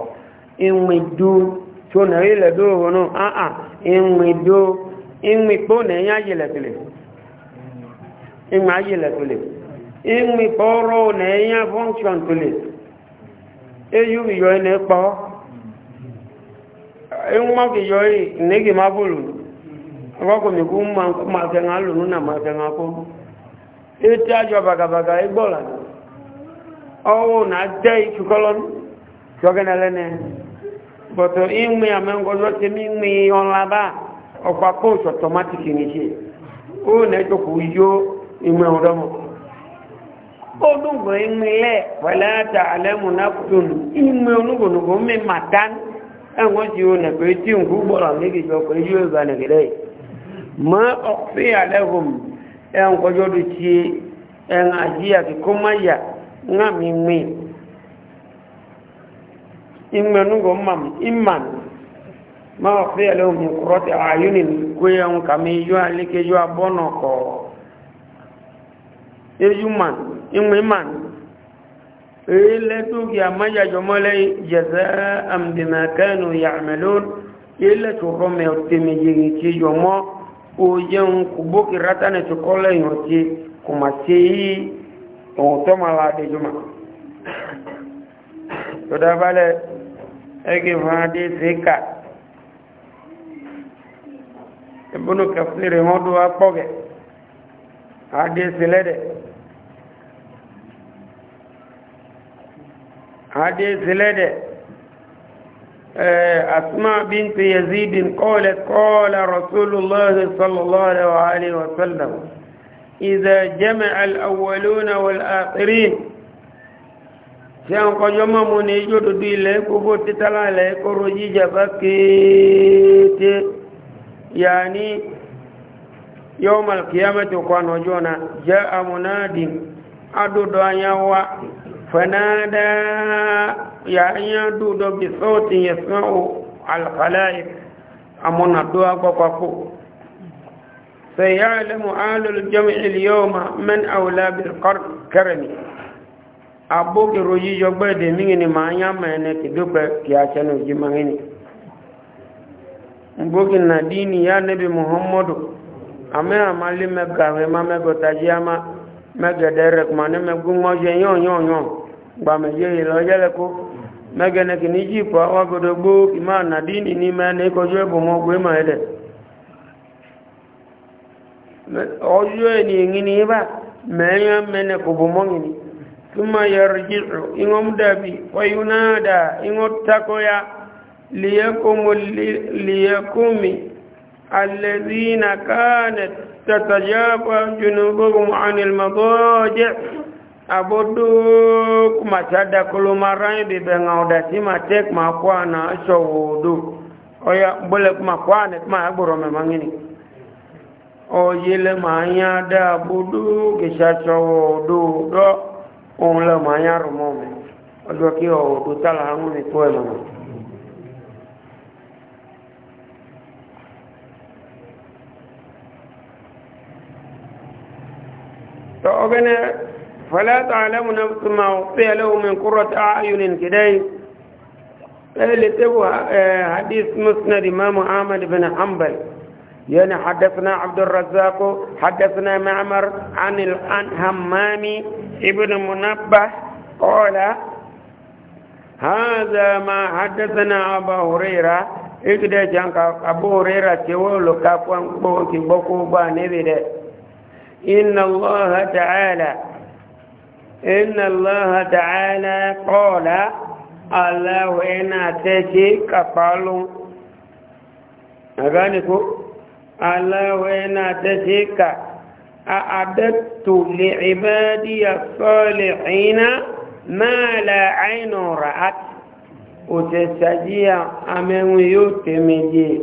ìwìndú tó nà ilẹ̀ dúró wọnú àà ìwìndú ìwìnpó nà ẹ̀yà yìlẹ̀tìlẹ̀ ìwìnpó yìlẹ̀tìlẹ̀ ìwìnpó rọ̀ nà ẹ̀yà fọ́nkṣọ̀n tìlẹ̀ èyí yọ ẹni pọ̀ ìwọ̀n kì yọ ìnẹ́gì má bòlù ọkọ̀kùnrin kú máa fẹ́ ńlá lòun náà máa fẹ́ ńlá kó ètò àjọ bàgàbàgà ẹgbọ́lá bọ̀tọ̀ ìmú àmẹ́ngọ́lọ́ ti mí mí o na apóòsù ọ̀tọ̀mátìkì ní ṣe ó nẹ́jọ́kù yó ìmú ọ̀dọ́mọ̀ ó dùnkọ̀ ìmú ilẹ̀ pẹ̀lẹ́ta matan e, nápùtùn o onúgbònúgbò mí màdán ẹ̀wọ́n ti ó nẹ̀pẹ̀ tí ń gbọ́rọ̀ nígbìjọ pé yóò ìgbàlẹ̀gẹ̀rẹ̀ mọ́ ọ̀fẹ́ alẹ́hùn ẹ̀ǹkọjọ́ imenugo mam imman ma fi lahum min qurrati ayunin kuyan kami yu alike yu abono ko ejuman imman ile to gi amaya jomole jazaa'am bima kanu ya'malun ile to rome otimi jigi ki yomo o yeun kuboki ratane to kole yoti kuma sei o to mala de juma to da vale ege vaade zeka ibunu kafiri hɔn do akpɔge ade sele de ade sele de ɛɛ e, asuma bintu yazidin kɔɔle kɔɔle rasulillahi sallallahu alaihi wa sallam iza jama'a al-awwaluna wal tí àwọn kọjọ́ mọ́ mú ní ijó dúdú ilẹ̀ gbogbo títàlá ilẹ̀ kóró jíjà bá kéèké yà ní yọ́ malkiyamẹ́tò kwanu ọjọ́ na jẹ́ amúnáàdì adúdọ anyáwá fanáàdá yà anyá dúdọ bí sọ́ọ̀tì yẹ̀sán o alfàláì amúnàdó agbọ́kwakó سيعلم آل الجمع اليوم من أولى بالقرن كرمي abo ke roji jogbe de mingini ma nyame ne ti dope ki achano jimangini mboki na dini ya nebi muhammadu ame amali me gawe ma me gota jiyama me gede rekmane me gungo je nyon nyon nyon ba me je ilo jale ko me gene ki niji po awa godo bo ima na dini ni me ne ko jwe bo mo gwe ma ede ojwe ni ingini iba me nyame ne ko bo mo ngini tuma yarji'u ingo mudabi wa yunada ingo takoya liyakumu liyakumi alladhina kanat tatajaba junubuhum anil madaji' abudu kumatada kulumarai bibenga udati matek makwana shawudu oya bole kumakwana kuma agboro memangini oyele manya da abudu kisha shawudu do òun lọ mọ anyá rùmọ mi ọjọ kí ọwọ tó tààlà ń rìn tó ẹ mọ. فأبنى فلا تعلم نفس ما أخفي له من قرة أعين كدي اللي تبوا حديث مسند إمام أحمد بن حنبل يعني حدثنا عبد الرزاق حدثنا معمر عن الهمام ابن منبه قال هذا ما حدثنا أبا هريرة إكدا جانك أبو هريرة تولو كاكوان بوكي بوكوبا نبدا إن الله تعالى إن الله تعالى قال الله إن تشي كفالو أغانيكو ألا تشيك أعددت لعبادي الصالحين ما لا عين رأت وتسجيع أمام يتمجي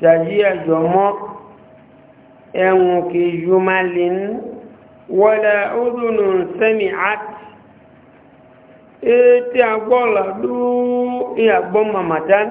سجيع جمق أمك جمل ولا أذن سمعت إتي أقول دو إيه أقول ممتان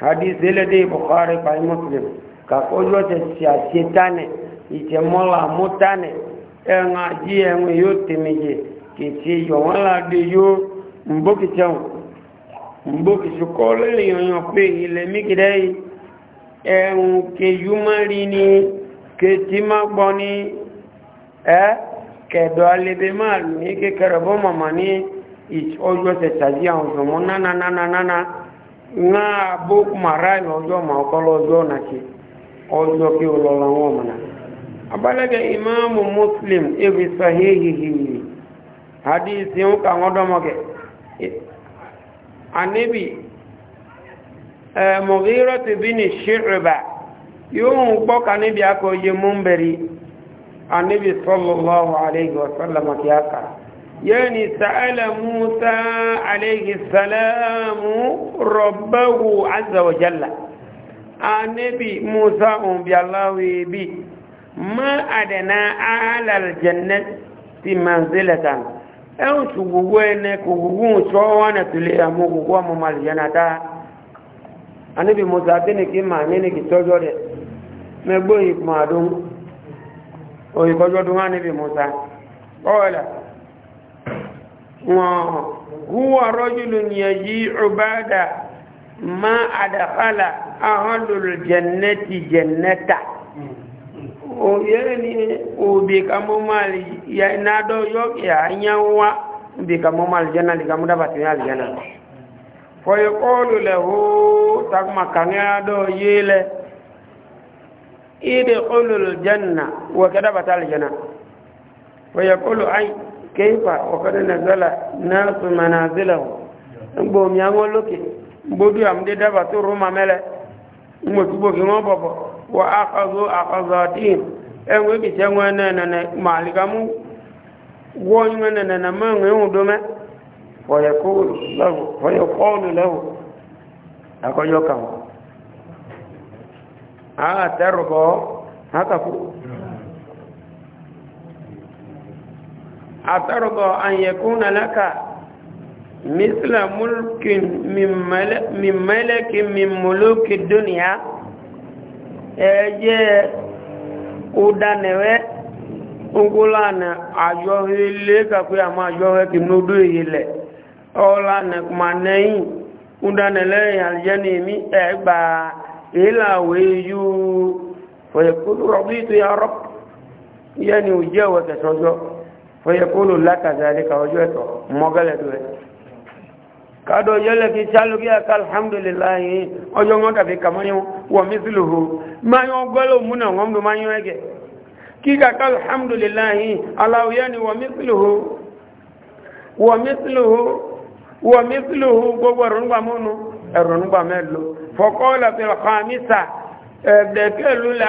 hadith elede bukhari by muslim kakojo te sia shetane ite mola mutane enga ji enwe yote meje kiti yo wala de yo mboki chan mboki sukole le yo pe ile mikidei en ke yumarini ke timagboni eh ke do alebe mal ni ke karabo mamani ich ojo te sajia ojo monana na na na na na abụ mara ní ọjọ́ ma ọkọrọ ọjọọ na ọjọ́ kí o lọ lọ́wọ́ mọ̀nà abalẹ́gẹ̀ muslim ebi sahihihi hadisi ń ka wọ́n dọ́mọ̀kẹ́ e, anibi mọ̀gírọ̀ ti bí ní ṣírìbà yóò ń gbọ́ ka níbi akọ̀ yẹ mú يعني سأل موسى عليه السلام ربه عز وجل النبي موسى بي الله بي ما أدنى أهل الجنة في منزلة أو تقوين كوكوكو شوانا تليامو كوكو ممالجنة النبي موسى تنكي ما نينكي تجوري مبوي كمادون ويكوجو دوان النبي موسى قال wọn huwa rọ́jùlùn yẹ̀yí ọ̀bádà ma àdàkálà ahọ́lùlù jẹ̀nẹ́tì jẹ̀nẹ́ta òyẹ́ hmm. ni òbí kamọ́mọ́lì nádọ́ yọ́kẹ̀ àyánwá òbí kamọ́mọ́lì jẹ́nà lè kamọ́ dábàtí ní àlìjẹ́nà fọ́yẹ̀kọ́lù lẹ̀ hó takuma kàngẹ́rádọ́ yélẹ̀ ìdẹ̀kọ́lù jẹ́nà wọ̀kẹ́ dábàtí àlìjẹ́nà fọ́yẹ̀kọ́lù ayé kéfà ọ̀kọ́dé nàzọ́là náà tó mà náà zílẹ̀ wọ̀ ńgbò omi àwọn olókè gbódú àmúdé dábà tó rúmà mẹ́lẹ̀ ńgbò túbò kí wọ́n bọ̀bọ̀ wọ akọ̀zọ́ akọ̀zọ́ tíì ẹ̀wọ̀n ibi tẹ́ wọn náà nànà màlìkàmú أترضى أن يكون لك مثل ملك من ملك من, ملك من ملوك الدنيا أجي أدانوه ugulana ajohe le kakwe ama ajohe kimodo yele ola na manei udane le aljani mi eba ila fọyẹkọlù lákàtàlíkà ọjọ́ ẹ̀tọ̀ mọ́gẹ́lẹ̀dọ́ ẹ̀ kádọ̀ yẹ́lẹ̀ fi sálógí àká alhamdulillahi ọjọ́ wọn tàbí kàmọ́yán wọ mísìlùhù máyán gọ́lọ̀ múnà wọn ló máyán ẹgẹ̀ kí kàká alhamdulillahi aláwòyá ni wọ mísìlùhù wọ mísìlùhù wọ mísìlùhù gbogbo ẹ̀rọ̀nùgbà múnu ẹ̀rọ̀nùgbà mẹ́lò fọ́kọ́lá fi ọkọ̀ àmísà ẹ̀ẹ̀dẹ̀kẹ́lú lẹ́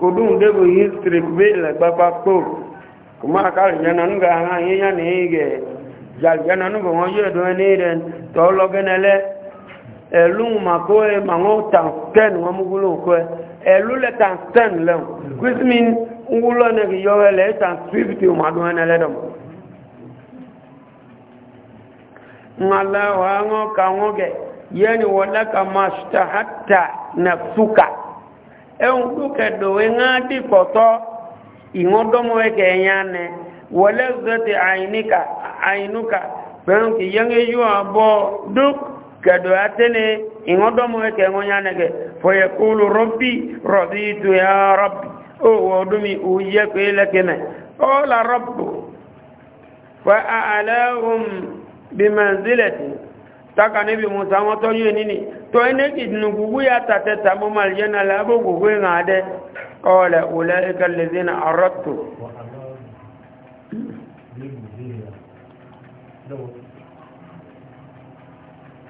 kodun debo history be la gbapa ko kuma ka nga ha yenya ni na jal yana na go ye do ni den to lo elu ma ko ma ten elu le ten le which mean ngulo ne ge yo le tan ma do ne le do ngala wa ngo ka ngo ge yani ẹ̀hún dúkẹ́ dòwe ńá dìkọ̀tọ́ ìwọ́n dọ́mọ́ ẹ̀kẹ́ ẹ̀yà nẹ wọlé zẹ́tẹ̀ àyínúkà àyínúkà pẹ̀lú kì yẹn yú àbọ̀ dúk kẹ̀dọ̀ àtẹ́lẹ̀ ìwọ́n dọ́mọ́ ẹ̀kẹ́ ẹ̀wọ́n yà nẹ̀kẹ́ fọyẹ̀ kúlù rọ́bì rọ̀bì tó yà rọ́bì ó wọ ọdún mi ò yẹ pé lẹ́kẹ́ mẹ́ ó là rọ́bù fọ àlẹ́ òun bí mẹ́nzílẹ̀ tì taka nebi musa ŋo to ye nini to ene kidnu gugu ya tate tamu maljana labo gugu ŋa de qala ulaika allazina aradtu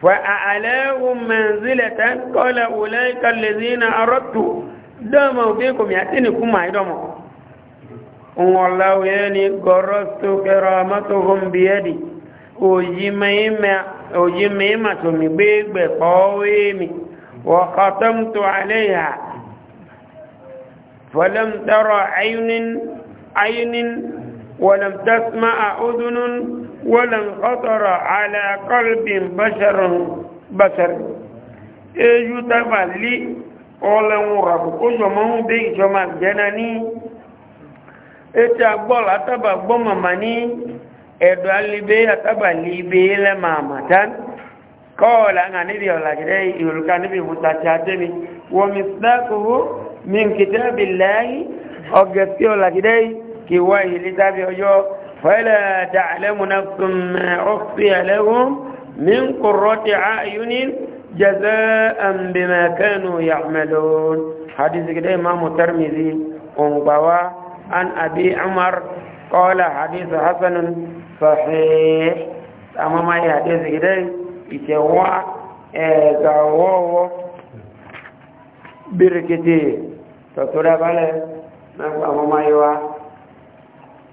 فأعلاهم منزلة قال أولئك الذين أردت دموا فيكم يأتينكم ما يدموا والله يعني قرست كرامتهم بيدي وجمعهم òjì mímà tó mi gbégbè pọ́wé mi وختمت عليها فلم ترى عين عين ولم تسمع أذن ولم خطر على قلب بشر بشر eju tabali ọlẹ́wọ̀n ràbùkú ṣọmọ́hún bí tàbà gbọ́mọ̀mà ní ẹ̀dọ̀ alibé àtàbà libé lẹ́mà àmàtán kọ́ọ̀lá ń àníbi ọ̀làgídẹ́ ìrùkà níbi ìmútàtí àtẹ́mi wọ́n mi sínákòó mi kìtẹ́ bí lẹ́yìn ọ̀gẹ̀ sí ọ̀làgídẹ́ kì wá ìlú tàbí ọjọ́ fẹ́lẹ̀ dàlẹ́mùnà ọ̀fì ẹlẹ́gùn mi ń kọ̀rọ̀ ti àyúní jẹ́sẹ́ àmbìmẹ̀kẹ́nu yàmẹ́lòón hadìsígídẹ́ ìmáàmù tẹ́rmìzì òǹgbàwá an àbí sahih ama ma ya de zire itewa e ga wowo birkiti to tura bale na ama ma yawa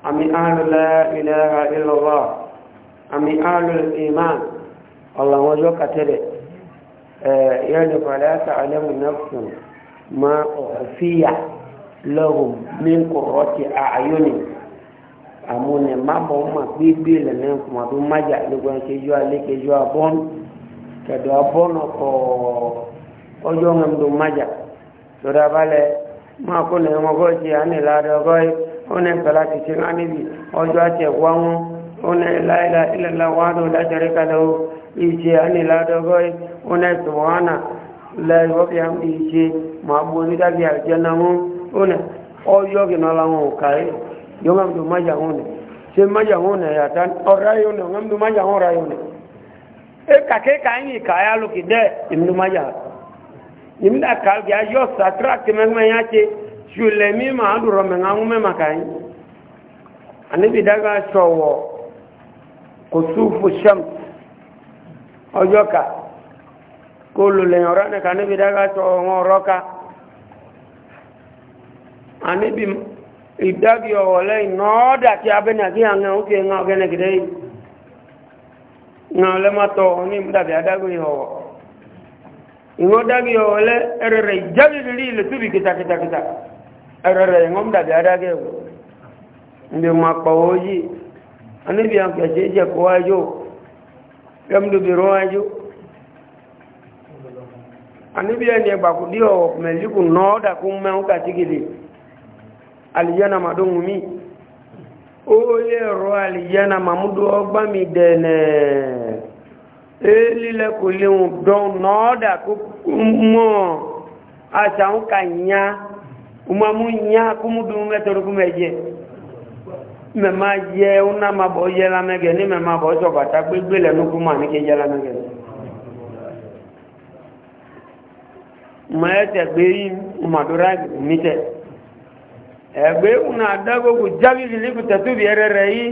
ami ahlu la ilaha illa allah ami ahlu iman allah wajo amune mambo ma bibi le ne kuma du maja le gwan ke jwa le ke jwa bon ke do abono ko ojo ngam du maja do da bale ma ko ne mo go ji ani la do go one kala ki cin ani bi ojo ate gwan one la ila ila la wa do la jarika do ije ani la do go one subhana la yo bi am ije ma bo ni da bi aljanna mo one ojo ki no la mo kai yongam du maja hone se maja hone ya tan orai hone yongam du maja orai hone e kake kaini kaya lu kide im du maja im da kal ya yo satra kemeng me ya che shule mi ma du rome ngam me ma kai ani bi daga showo kusufu sham ojoka kolu le orane kanu bi daga to ngoroka ani bi ìdági ọ̀wọ̀ lẹ́yìn nọ́ọ́dà tí a bẹ́ni àti àwọn òkè ń ọ̀gẹ́nẹ̀ gẹ́gẹ́ yìí náà lẹ́mọ́tọ̀ ní ìmúdàbí adágún ìhọ̀wọ̀ ìwọ́n dági ọ̀wọ̀ lẹ́ ẹ̀rẹ̀rẹ̀ ìjábìrì ilẹ̀ túbì kìtàkìtàkìtà ẹ̀rẹ̀rẹ̀ ìwọ́n múdàbí adágún ìwọ̀ ndé ma kpọ̀wọ́ yìí anábì àkẹ́sẹ̀ jẹ́ kọ́wájú kẹ́mdùbì rọ́wájú anábì ẹni ẹgbàkú dí ọ̀wọ̀ mẹ́líkù nọ́ọ́dà kún mẹ́wọ́n kàtíkìlì alìyánà màdó wù mí ó lè rọ alìyánà màmúdó ọgbà mi dẹ̀nẹ̀ elile kò léwu dɔn nɔɔda kó mɔ asanwó ka nya umamu nya kumu dunu mɛ tɔrɔ kumɛ jɛ mɛ ma yɛ una ma bɔ yɛ la mɛ kɛ ni mɛ ma bɔ sɔgbata gbegbe lɛ nuku ma ni ke yɛ la mɛ kɛ mɛ ɛtɛ gbe yi umadora mi tɛ ẹgbẹ́ una adágógó jábìlì ní kùtẹ̀tùbì ẹrẹ́rẹ́ yìí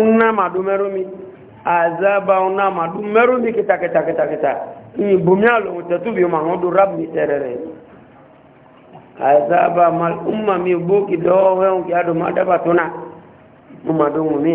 una màdúmẹ́rúmi àzába una màdúmẹ́rúmi kìtàkìtàkìtàkìtà ìbomi àlòhùn tẹ̀tùbì ọmọ àwọn ọdún rábì ẹrẹ́rẹ́ yìí àzába umma mi gbókì dọ́wọ́ ẹ̀hún kí adùn máa dábà tó náà mo máa dùn mí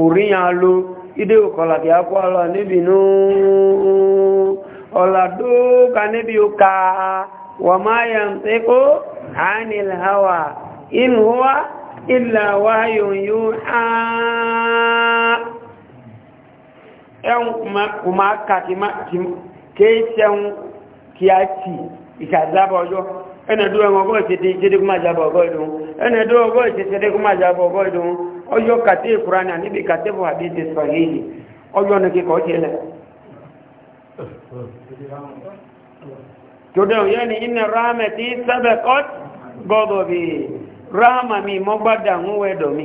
òríyàn alo ìdé òkọlà kí a kó ọlọ níbi nú ọ̀làdó ka níbi òkà wà máa yà ń tẹ́ kó àánìlẹ̀ inú wá ìlà yóò áá ti ọgọ́ ìṣẹ́dẹ́kùnmájábọ̀ ọgọ́ ìdún ọyọ kàtẹ ìkùránì àníbì kàtẹ bọ àbíjẹ sọyẹyẹ ọyọ ní kíkọ jẹlẹ tòdò yẹn ni ìnà ráàmẹ tí sẹbẹ kọt gọbọbì ráàmà mi mọgbádà ń wẹdọ mi.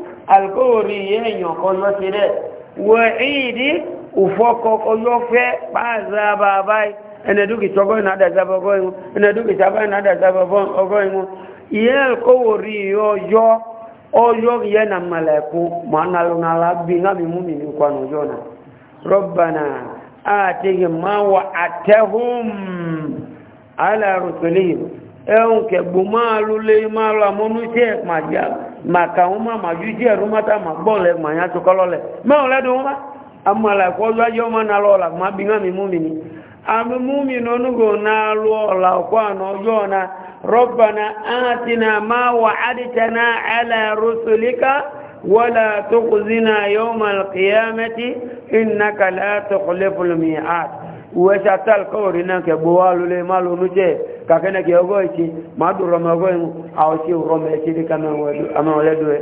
alukóòrí yẹnyàn kan yọ sí dẹ wọ ìdí òfọkọ ọyọ fẹ pàṣẹ bàbá ẹnẹ dúkìtì ọgọrin náà dàgbà ọgọrin mu ẹnẹ dúkìtì ọgọrin náà dàgbà ọgọrin mu ìyẹn alukóòrí ọyọ ọyọ yẹn nà mọlẹkù mọ analunala bí nàbí mú mi ní kwanu ọjọ náà rọbànà àtẹ̀yìn máa wà àtẹ̀hùn àlàrùsọ̀lẹ́yìn ẹ̀hùn kẹgbù máa lulẹ̀ máa lọ maka uma majuji ya ruma ta mabole manya tukolole mao la duma amma la ko za yo mana lola mabinga mi mumini am mumino nugo na lola kwa no yona rabbana atina ma wa'adtana ala rusulika wala tuqzina yawm alqiyamati innaka la tukhlifu almi'ad wa shatal qawrina ke buwalu le malu nuje kakene ke ogo ichi madu rome ogo inu a ochi rome ichi di kame ole duwe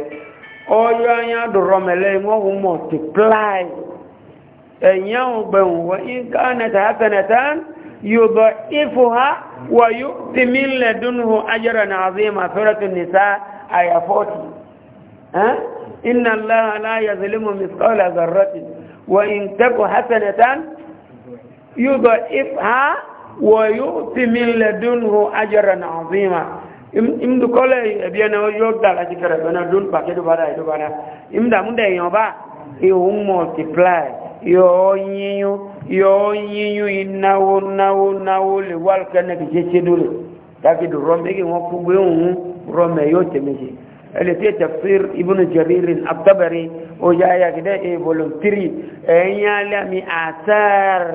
oyo anya du rome le mo hu multiply enya ogbe nwe inka neta hasanatan yudhaifuha wa yu'ti min ladunhu ajran azima suratu nisa aya 40 eh inna allaha la yazlimu mithqala dharratin wa in taku hasanatan yudha'ifha ويؤتي من لدنه أجرا عظيما imdu kole ebiya na yo dala ti kare bana dun pa ke dubara do bara imda mun da yan ba e o multiply yo yinyu yo yinyu inawo nawo nawo le wal kana bi je che dole ta ki do rombe ki won ku gbe un rombe yo te meji ele te tafsir ibnu jarir al-tabari o ya ya gide e volume mi athar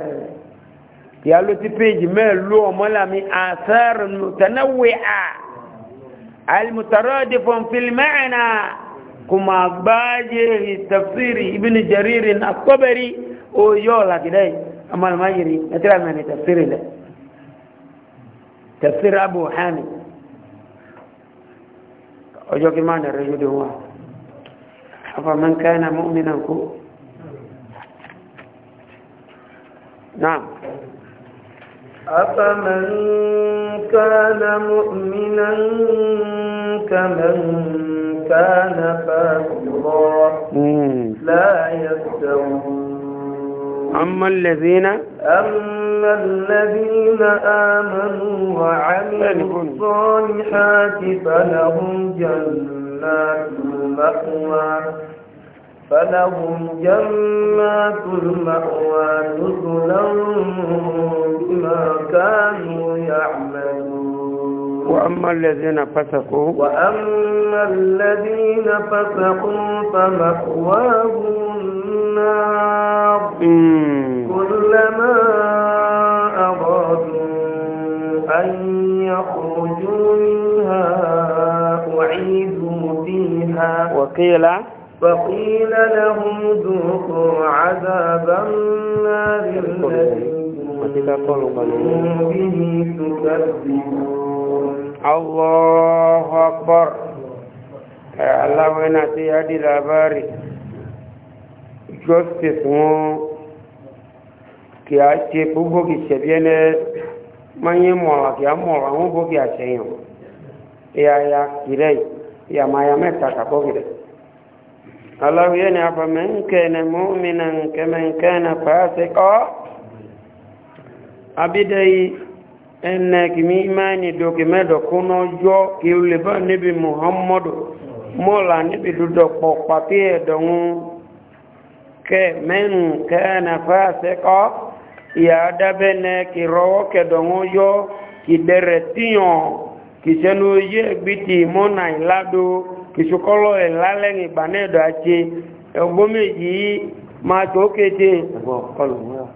ya lo ti page me lo mo la mi athar mutanawwi'a al mutaradifun fil ma'na kuma baje tafsiri ibn jarir at-tabari o yo la kidai amal majri atira ngani tafsiri le tafsir abu hamid ojo ki mana rejudu wa afa man kana mu'minan ku na'am أفمن كان مؤمنا كمن كان فاسقا لا يستوون أما الذين أما الذين آمنوا وعملوا الصالحات فلهم جنات المأوى فلهم جنات المأوى نزلا بما كانوا يعملون وأما الذين فسقوا وأما الذين فسقوا فمأواهم النار كلما أرادوا أن يخرجوا منها أعيدوا فيها وقيل فقيل لهم ذوقوا عذاب النار به تكذبون الله أكبر Allah wena ti hadi labari justice mu ki a ce gbogbo ki ṣẹ̀bíẹ́ ní manye mọ̀rọ̀ kí a mọ̀rọ̀ àwọn gbogbo ki a ṣẹ̀yàn ìyá ya kìrẹ́ ìyá ma ya mẹ́ta kàkọ́ kìrẹ́ alawị yi ni akpa m enke na mmụọ ọmụmụ na nke na nke ndụ ke na kwa asekọ abidio anyị ene kimhima anyị dukui m dọkpụ n'oyọ kiụle bụ a nibi m hà m dụ mụ la n'ebidodo kpọọ kpapịa edongu kemị nke na kwa asekọ ya adabe ene kirọwọ keda ọmụoyọ kìsùkọ́lọ́ ẹ̀ lálẹ́ ní ìgbànẹ́ẹ̀dọ̀ àti ẹgbọ́n méjì yìí máa tó kété ẹ̀gbọ́n kọlù múra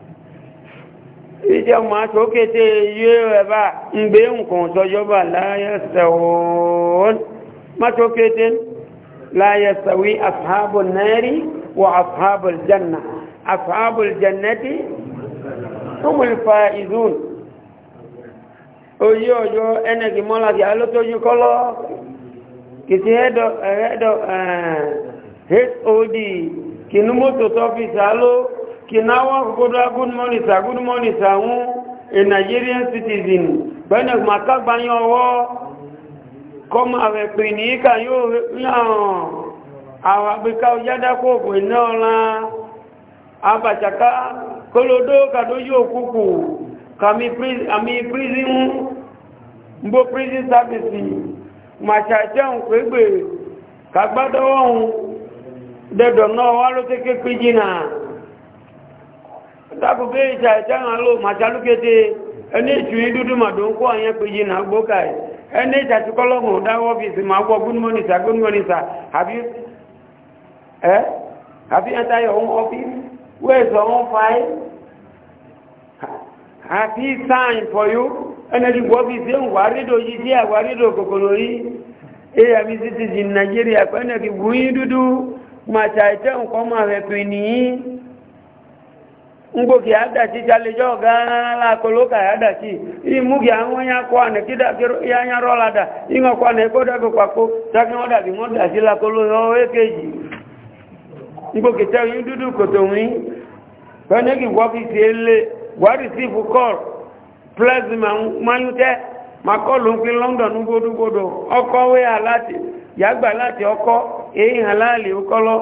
ìjẹ́ máa tó kété yé ẹ̀bá ń gbé nǹkan sọjọ́bà láyẹ̀sẹ̀wọ̀n máa tó kété láyẹ̀sẹ̀wí àfáàbò náírì wọ àfáàbò jẹ́nà àfáàbò jẹ́nẹ́tì ọmọlùfà ìzún oyé ọjọ́ ẹnẹ́gì mọ́lá kìtì ẹ̀dọ̀ ẹ̀ẹ́dọ̀ hod kìnnú mọ́tò tọ́fíìsì aló kìnnú àwọn akókòdó good morning good morning sir àwọn a nigerian citizen gbẹ́nà màkàgbáyán ọwọ́ kọ́mọ àwẹ̀ pè ní ìkà yóò yàn àwọn àgbéká ojádàkó òkú iná ọ̀la abàṣàká kólódó kàdójú òkúkù kàmí prison mbó prison service màṣàjẹun pẹ́gbẹ̀ kàgbádọ́wọ́ ohun dẹ̀dọ̀ náà wá ló kéèké pí jìnà dákùnké ìṣàjẹun aló màṣàlúkété ẹni ìtù ìdúdú màdó ń kó àyẹ́ jìnà ẹni ìṣàtíkọ́lọ́gùn for you ẹnẹ́dì wọ́n fi ṣe ń wàrídò yìí sí àwàrídò kòkòrò yìí èyà mi sí ti jì nàìjíríà pẹ́nẹ́kì wúyí dúdú màṣà ìtẹ́ nǹkan máa rẹ̀ pè nìyí ń gbòkè àdàtì jalejọ́ gáàlá kolóka àdàtì ìmúkè àwọn yakọ́ ànà kí yányarọ́ ládà ìwọ̀kọ́ ànà ẹgbọ́ dàgbò pàkó tàbí wọ́n dàbí wọ́n dà sí lakolo yọ ékejì ń gbòkè tẹ́ yín plus mayute maka ọlụmkpi london ugodogbodo ọkọ wee lati yagba lati ọkọ eyi alaali ụkọlọ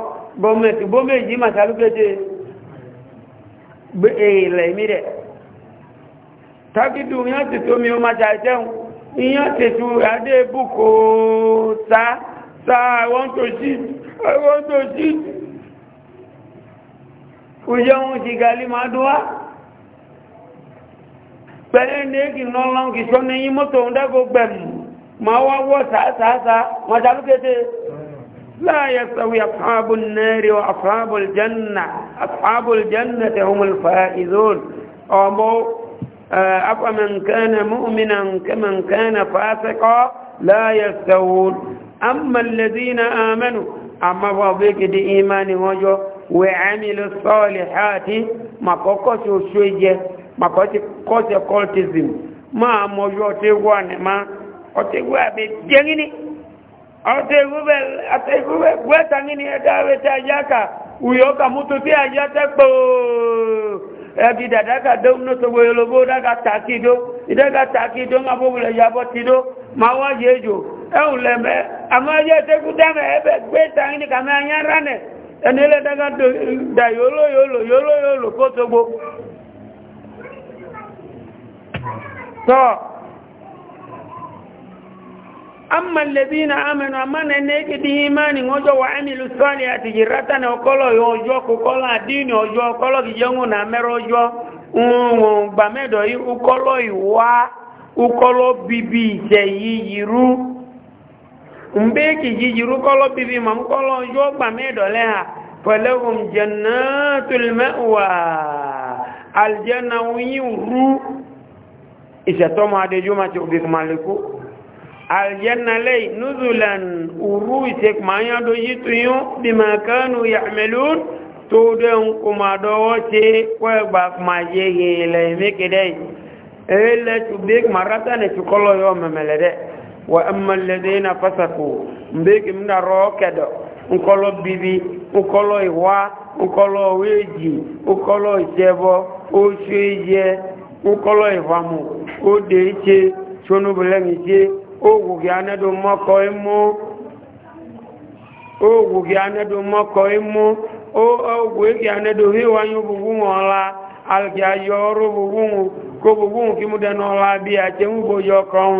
gọọmenti gọọmenti maka alụkete ilẹ̀ mi rẹ̀ takidu yán tètè omi ọmọ àti àìsẹ́hùn yán tètè adé búkò sá sá i want to shit i want to shit òjò ohun ti gàlí máa pẹ̀lú nẹ́ẹ̀kì lọ́lọ́ kìsọ́ ní yí mọ́tò ń dágó gbẹ̀mù ma wá wọ́ sàásàásà wọ́n ta lókété láàyè sọ́wọ́ àfáàbù nẹ́ẹ̀rì àfáàbù jẹ́nà àfáàbù jẹ́nà tẹ̀ hùmùl fàáìzón ọmọ afọmọ̀nkánà mọ́mìnànkánà fàásẹ́kọ́ láàyè أما الذين آمنوا أما فبك دي إيمان وجو ما فقصوا شوية makɔti kɔsɛ kɔltizim maa mɔyɔ ɔtɛgu anima ɔtɛgu abe jɛngini ɔtɛgu bɛ ɔtɛgu bɛ guɛtangini ɛdá ti ayata kpoo ɛdi dada ka dom nosogo yolobo daga taki do daga taki do ŋa bobo le yabɔ ti do ma wa ye dzo ɛwù lɛ mɛ amadé ɔtɛgu e dama ɛbɛ gbɛtangini kame anyara nɛ ɛnɛ yolo yolo yolo yolo kosogbo. to amma alladhina amanu amana neke di imani ngojo wa amilu salihati jirata na okolo yojo kukola adini ojo okolo kijongu na merojo ngo gbamedo yi ukolo iwa ukolo bibi ije yi yiru mbe kiji yiru kolo bibi mam kolo ojo gbamedo leha falahum jannatul ma'wa aljanna ìṣẹ̀tọ́mọ adéjúmọ́ àti òbí kùmàlẹ́kù aljanna lẹ́yìn nuzulan uru ìṣẹ̀kùmáyàdó yìí tún yún bí màkánù yàmẹ́lún tó dẹ́n kùmàdọ́wọ́ ṣe kọ́ ẹgbà kùmàyé ilẹ̀ mẹ́kẹ́dẹ́ èyí lẹ́tù bí kùmàrátà ní tukọ́lọ́ yọ na fásakù mbẹ́kì múnà rọ́ kẹ́dọ̀ nkọ́lọ́ bíbí nkọ́lọ́ ìwá nkọ́lọ́ wéèjì nkọ́lọ́ ìṣẹ́bọ oṣù ìjẹ nkọ́lọ́ ìfàmù ó dé ìtse sonúbulẹ́mì tse ó wùgì anẹ́dùn mọ́kọ́ imú ó wùgì anẹ́dùn mọ́kọ́ imú ó wùgì anẹ́dùn híwáyú bùbú wọn la alùpùpù ayọ̀ ọ̀rọ̀ bùbú wọn kó bùbú wọn kí mú dẹnu ọ̀la bí àtẹ̀wùgbò yọ kàn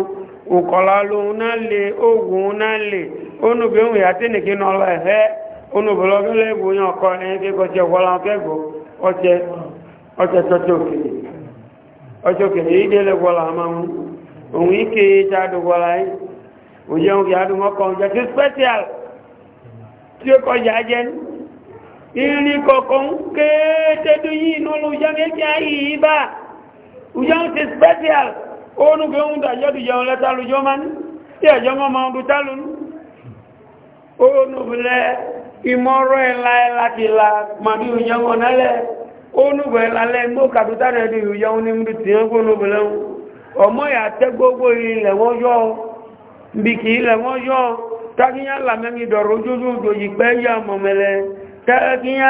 òkọ̀lá lòun náà lè ògùn náà lè onúbẹ̀ òun yà tẹ́nìkì náà ọjọ́ kìí ìdílẹ̀ wọ́la àmàmú òun ike ìtàdù wọ́la yìí òjẹ́ òun yàdù mọ́kọ̀ ọjọ́ tí special tí ó kọjá jẹ́ ìrìn kọ̀ọ̀kan kéèté tó yí inú olùjọ́ méjì ayé yìí bá òjọ́ ti special oónúgbé ohun tàjọ́ tó jẹun lẹ́ta lójọ́ máa ní tí ẹ̀jọ́ mọ́ máa ń bu tá lónú oónúbulẹ̀ ìmọ̀rọ̀ ẹ̀la ẹ̀la ti la màbí òjẹ́ wọn nálẹ̀ onúbẹ̀ lálẹ́ gbó kàtútà náà di ìrùyọ ní ibi tí wọ́n gbó onúbẹ̀ lẹ́wọ̀n ọmọ yà tẹ́ gbogbo ilẹ̀ wọ́n yọ bí kì í lẹ̀ wọ́n chako tákíyà làmẹ́ni dọ̀rọ̀ ojújú òjòjì pẹ́ yà mọ̀mẹ́lẹ́ tákíyà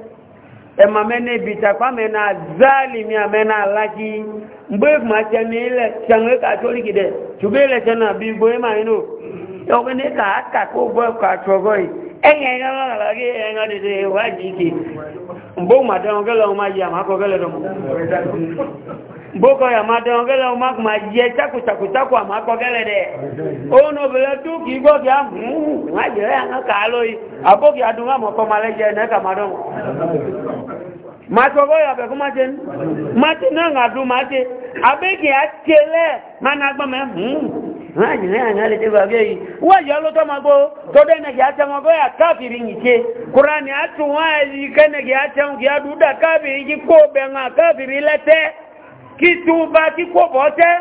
ẹ̀ma mẹ́nẹ́ ibi tàpá mẹ́nà zálìmí àmẹ́nà alájí gbéèkùnmá tẹ́mi ilẹ̀ tẹ́mi kàtólíkì dẹ̀ ṣùgbọ́n ilẹ̀ tẹ́nà bí gbó ẹ̀ma inú ọkùnrin ní kàákà kó gbọ́ ẹ̀kọ́ àtúrọ̀gọ́ yìí ẹ̀yìn ẹ̀yìn ọ̀rọ̀ àlàyé ẹ̀yìn ọ̀dẹ̀dẹ̀ ìwádìí kì ń bó mboka ya matengele umaku majie chaku chaku chaku wa makokele de ono oh, vile tu kigo kia muu hmm, maji lea na kaloi apo kia dunga moko maleje neka madongo matoko ya beku machin machin na ngadu machi abeki ya chile managba me muu maji lea ngali tiba kei uwa jalo to mako tode neki hacha mako ya kafiri nchi kurani hatu wae zike neki hacha mkia duda kafiri jiko benga kafiri lete kí túbá kí kò bọ́ jẹ́.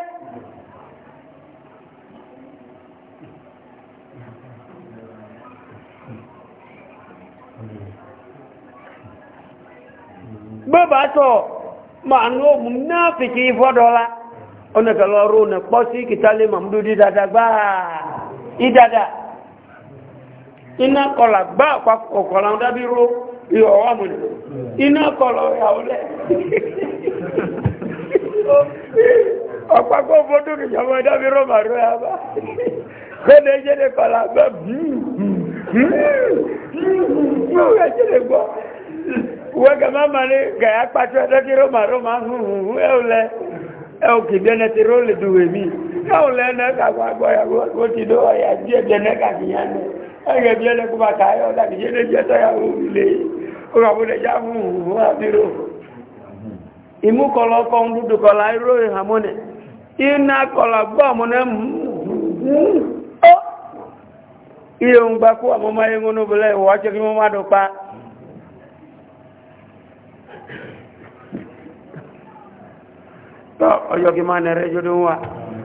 gbẹ́bàá sọ máa ní òmùn náà fi kí fọ́dọ́lá ọ̀nàkàlọ́ ọrọ̀ ònà pọ́ sí kìtàlẹ̀ mọ̀múdú dídada gbáà ìdada iná kọlà gbá ọ̀kọ̀lá dábí ró ìyọ̀wọ́ mọ̀lẹ̀ iná kọlọ̀ ìyàwó ọ̀pákọ̀ fọ́tò kìjọba dábí rọ́bà rọ́ ya bá kọ́dẹ̀ jẹ́lẹ̀ kọ́lá bẹ́ wẹ́gẹ̀ má ma ní gàyà pàtó ẹ̀dọ́ kí rọ́bà rọ́bà hùhùn imu kɔlɔ kɔn dudu kɔlɔ ayiro yi hamu ne ina kɔlɔ gbɔ mu ne o iye ŋgba ko amu ma ye ŋunu bila yi wɔ tse mu ma do kpa tɔ ɔyɔ ki ma nɛrɛ jo wa.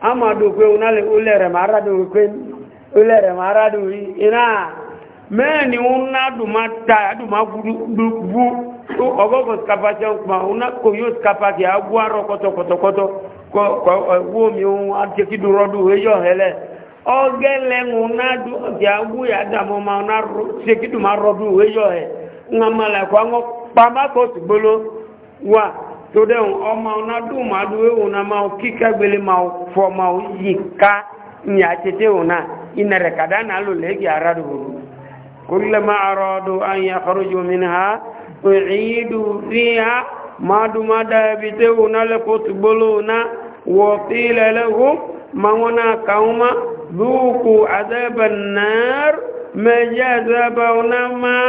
amadokwe unale ulere maradu kwen ulere maradu ina meni una dumata dumagudu ogogo skapati kuma una koyo skapati aguaro koto koto koto ko wo eh, mi un ateki durodu eyo hele ogele una du ti agu ya damo ma una seki dumarodu eyo he ngamala kwa ngo wa tó dẹ̀ ọmọ ọ̀nà dùn máa dùn éwò náà máa kíkẹ́ gbélé máa fọ́ máa yìí ká ní àtẹ́tẹ́ òun náà iná rẹ̀ kàdá náà lò lẹ́gì ara dùn òun kúrìlẹ̀ máa rọ̀ ọdún ayé àkọ́rọ̀jù mi ní ha èyí dùn sí ha máa dùn máa dá ẹbí tẹ́ òun náà lẹ́kọ́ tó gbóló náà wọ̀ sí ilẹ̀ lẹ́hùn máa wọn náà kàwọn máa lóòkù àdẹ́bẹ̀ náà mẹ́jẹ́ àdẹ́bẹ̀ òun náà máa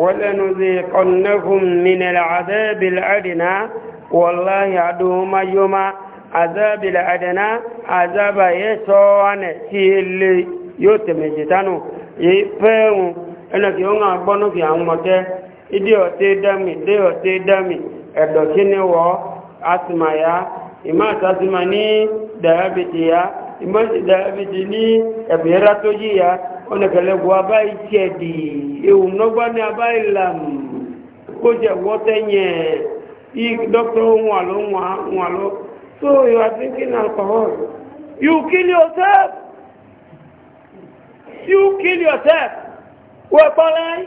ولنذيقنهم من العذاب الأدنى والله عدوهما يوما عذاب الأدنى عذاب يسوع يسوان سيلي يتمجتانو يفهم أنك يوم أبنو في عمك إدي أتي دمي دي أتي دمي أدوكيني و أسمع يا إما تسمعني دابتي إما دابتي لي أبيراتو يا ọ̀nàkẹ̀lẹ́gbọ̀ abáyé tiẹ̀ dì ewu nọ́gbà ní abáyé làm kó jẹ́ wọ́tẹ́ yẹn i dọ́kítọ̀ wọn àlọ́ wọn àlọ́ so you are drinking alcohol you kill yourself you kill yourself wọ́n pọ́ láyé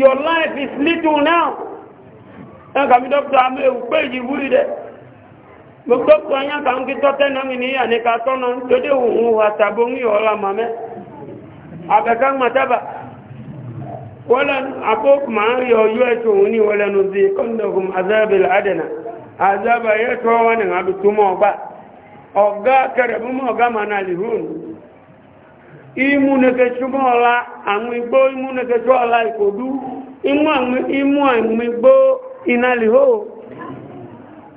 your life is little now ẹ̀ka mi dọ́kítọ̀ àmì ewu wúri dẹ́. gbogbo kọ ka ń gítọ́ tẹ́nà mi ní ní ká tọ́nà tó dé òun wà tàbí ní ọ̀la màmẹ́ àbẹ̀ká màtábà wọ́lẹ̀n àpókù máa ń yọ us òun ní wọ́lẹ̀nù sí kọ́ndọ̀gùn azabil adena azaba yẹ́ tọ́ wà ní àbí túmọ̀ ọgbà ọ̀gá kẹrẹ̀bùmọ̀ ọ̀gá lihun àwọn igbó ìkòdú àwọn igbó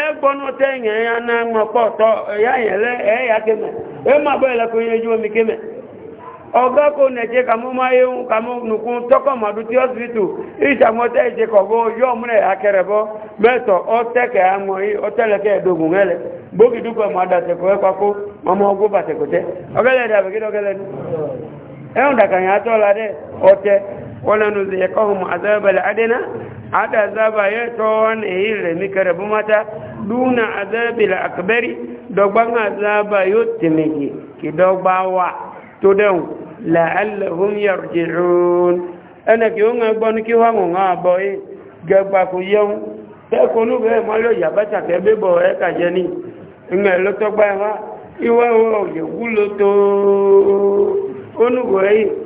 ẹgbọ́nú tẹ́yìn ẹ̀yà na mọ̀ pọ̀ ya ẹ̀yà ìyẹ̀lẹ́ ẹ̀yà kémẹ̀ ẹ eche ka ìlẹ̀kùn yẹn jú omi kémẹ̀ ọgá kò nẹ̀jẹ́ kàmú máa yéhun kàmú nùkún tọ́kọ̀mọ̀dú tí ọ́sìtò ìṣàmọ́tẹ́ ìṣekọ̀gbọ́ yọ múlẹ̀ akẹrẹ̀bọ́ mẹ́tọ̀ ọ́tẹ́kẹ̀ àmọ́ ọtẹ́lẹ̀kẹ́ ẹ̀dógún ẹ̀lẹ̀ gbógi dúpọ̀ mọ́ adàtẹ̀kọ̀ ẹ̀pàkó ọmọ ogún bàtẹ̀kọ̀tẹ́ dị ولنذيقهم عذاب الأدنى عدا عذاب يتوان إلى مكرب متى دون عذاب الأكبر دوبان عذاب يتمه كدوبا وا تدون لعلهم يرجعون أنا كيون أبون كيوان أبوي جبا كيون تكونو بيه مالو يبتا كبيبو هكا جني إنه لطبا إيوه يقول لطو onugbo ẹ̀yìn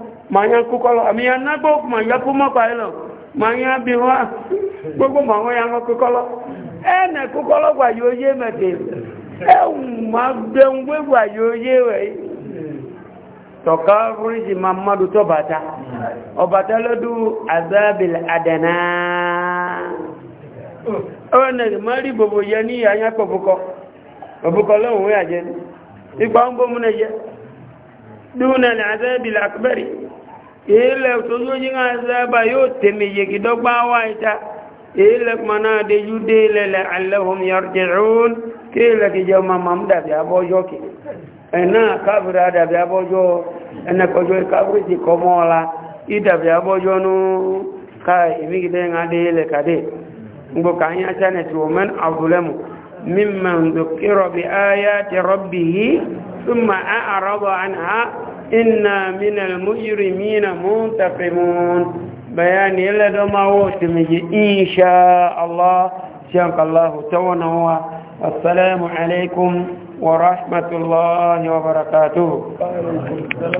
manya kukolo ami ya nabo ma ya kuma bailo manya biwa gbogbo ma won ya ngo kukolo e na kukolo gwa yoye mete e ma de ngwe gwa yoye we toka riji mamadu to bata o bata lodu azabil adana o na mari bobo ya ni ya nya pobuko pobuko lohun ya je igba ngbo mu na je duna al azabil akbari ilẹ̀ tójú yíká sábà yóò tèmi yegi dọ́gba wá ìta ilẹ̀ kumana adéjú dé ilẹ̀ lẹ̀ alẹ́hùn yọrọ̀dẹ̀rún kí ilẹ̀ kìjẹ́ ọmọ mamu dàbí abọ́jọ́ kì ẹ̀nà káfíra dàbí abọ́jọ́ ẹnẹkọjọ́ káfíri ti kọ́ mọ́ abọ́jọ́ nù ká ìmígidẹ́ إنا من المجرمين منتقمون بيان إلا دوما وتمجي إن شاء الله شانك الله تونه السلام عليكم ورحمة الله وبركاته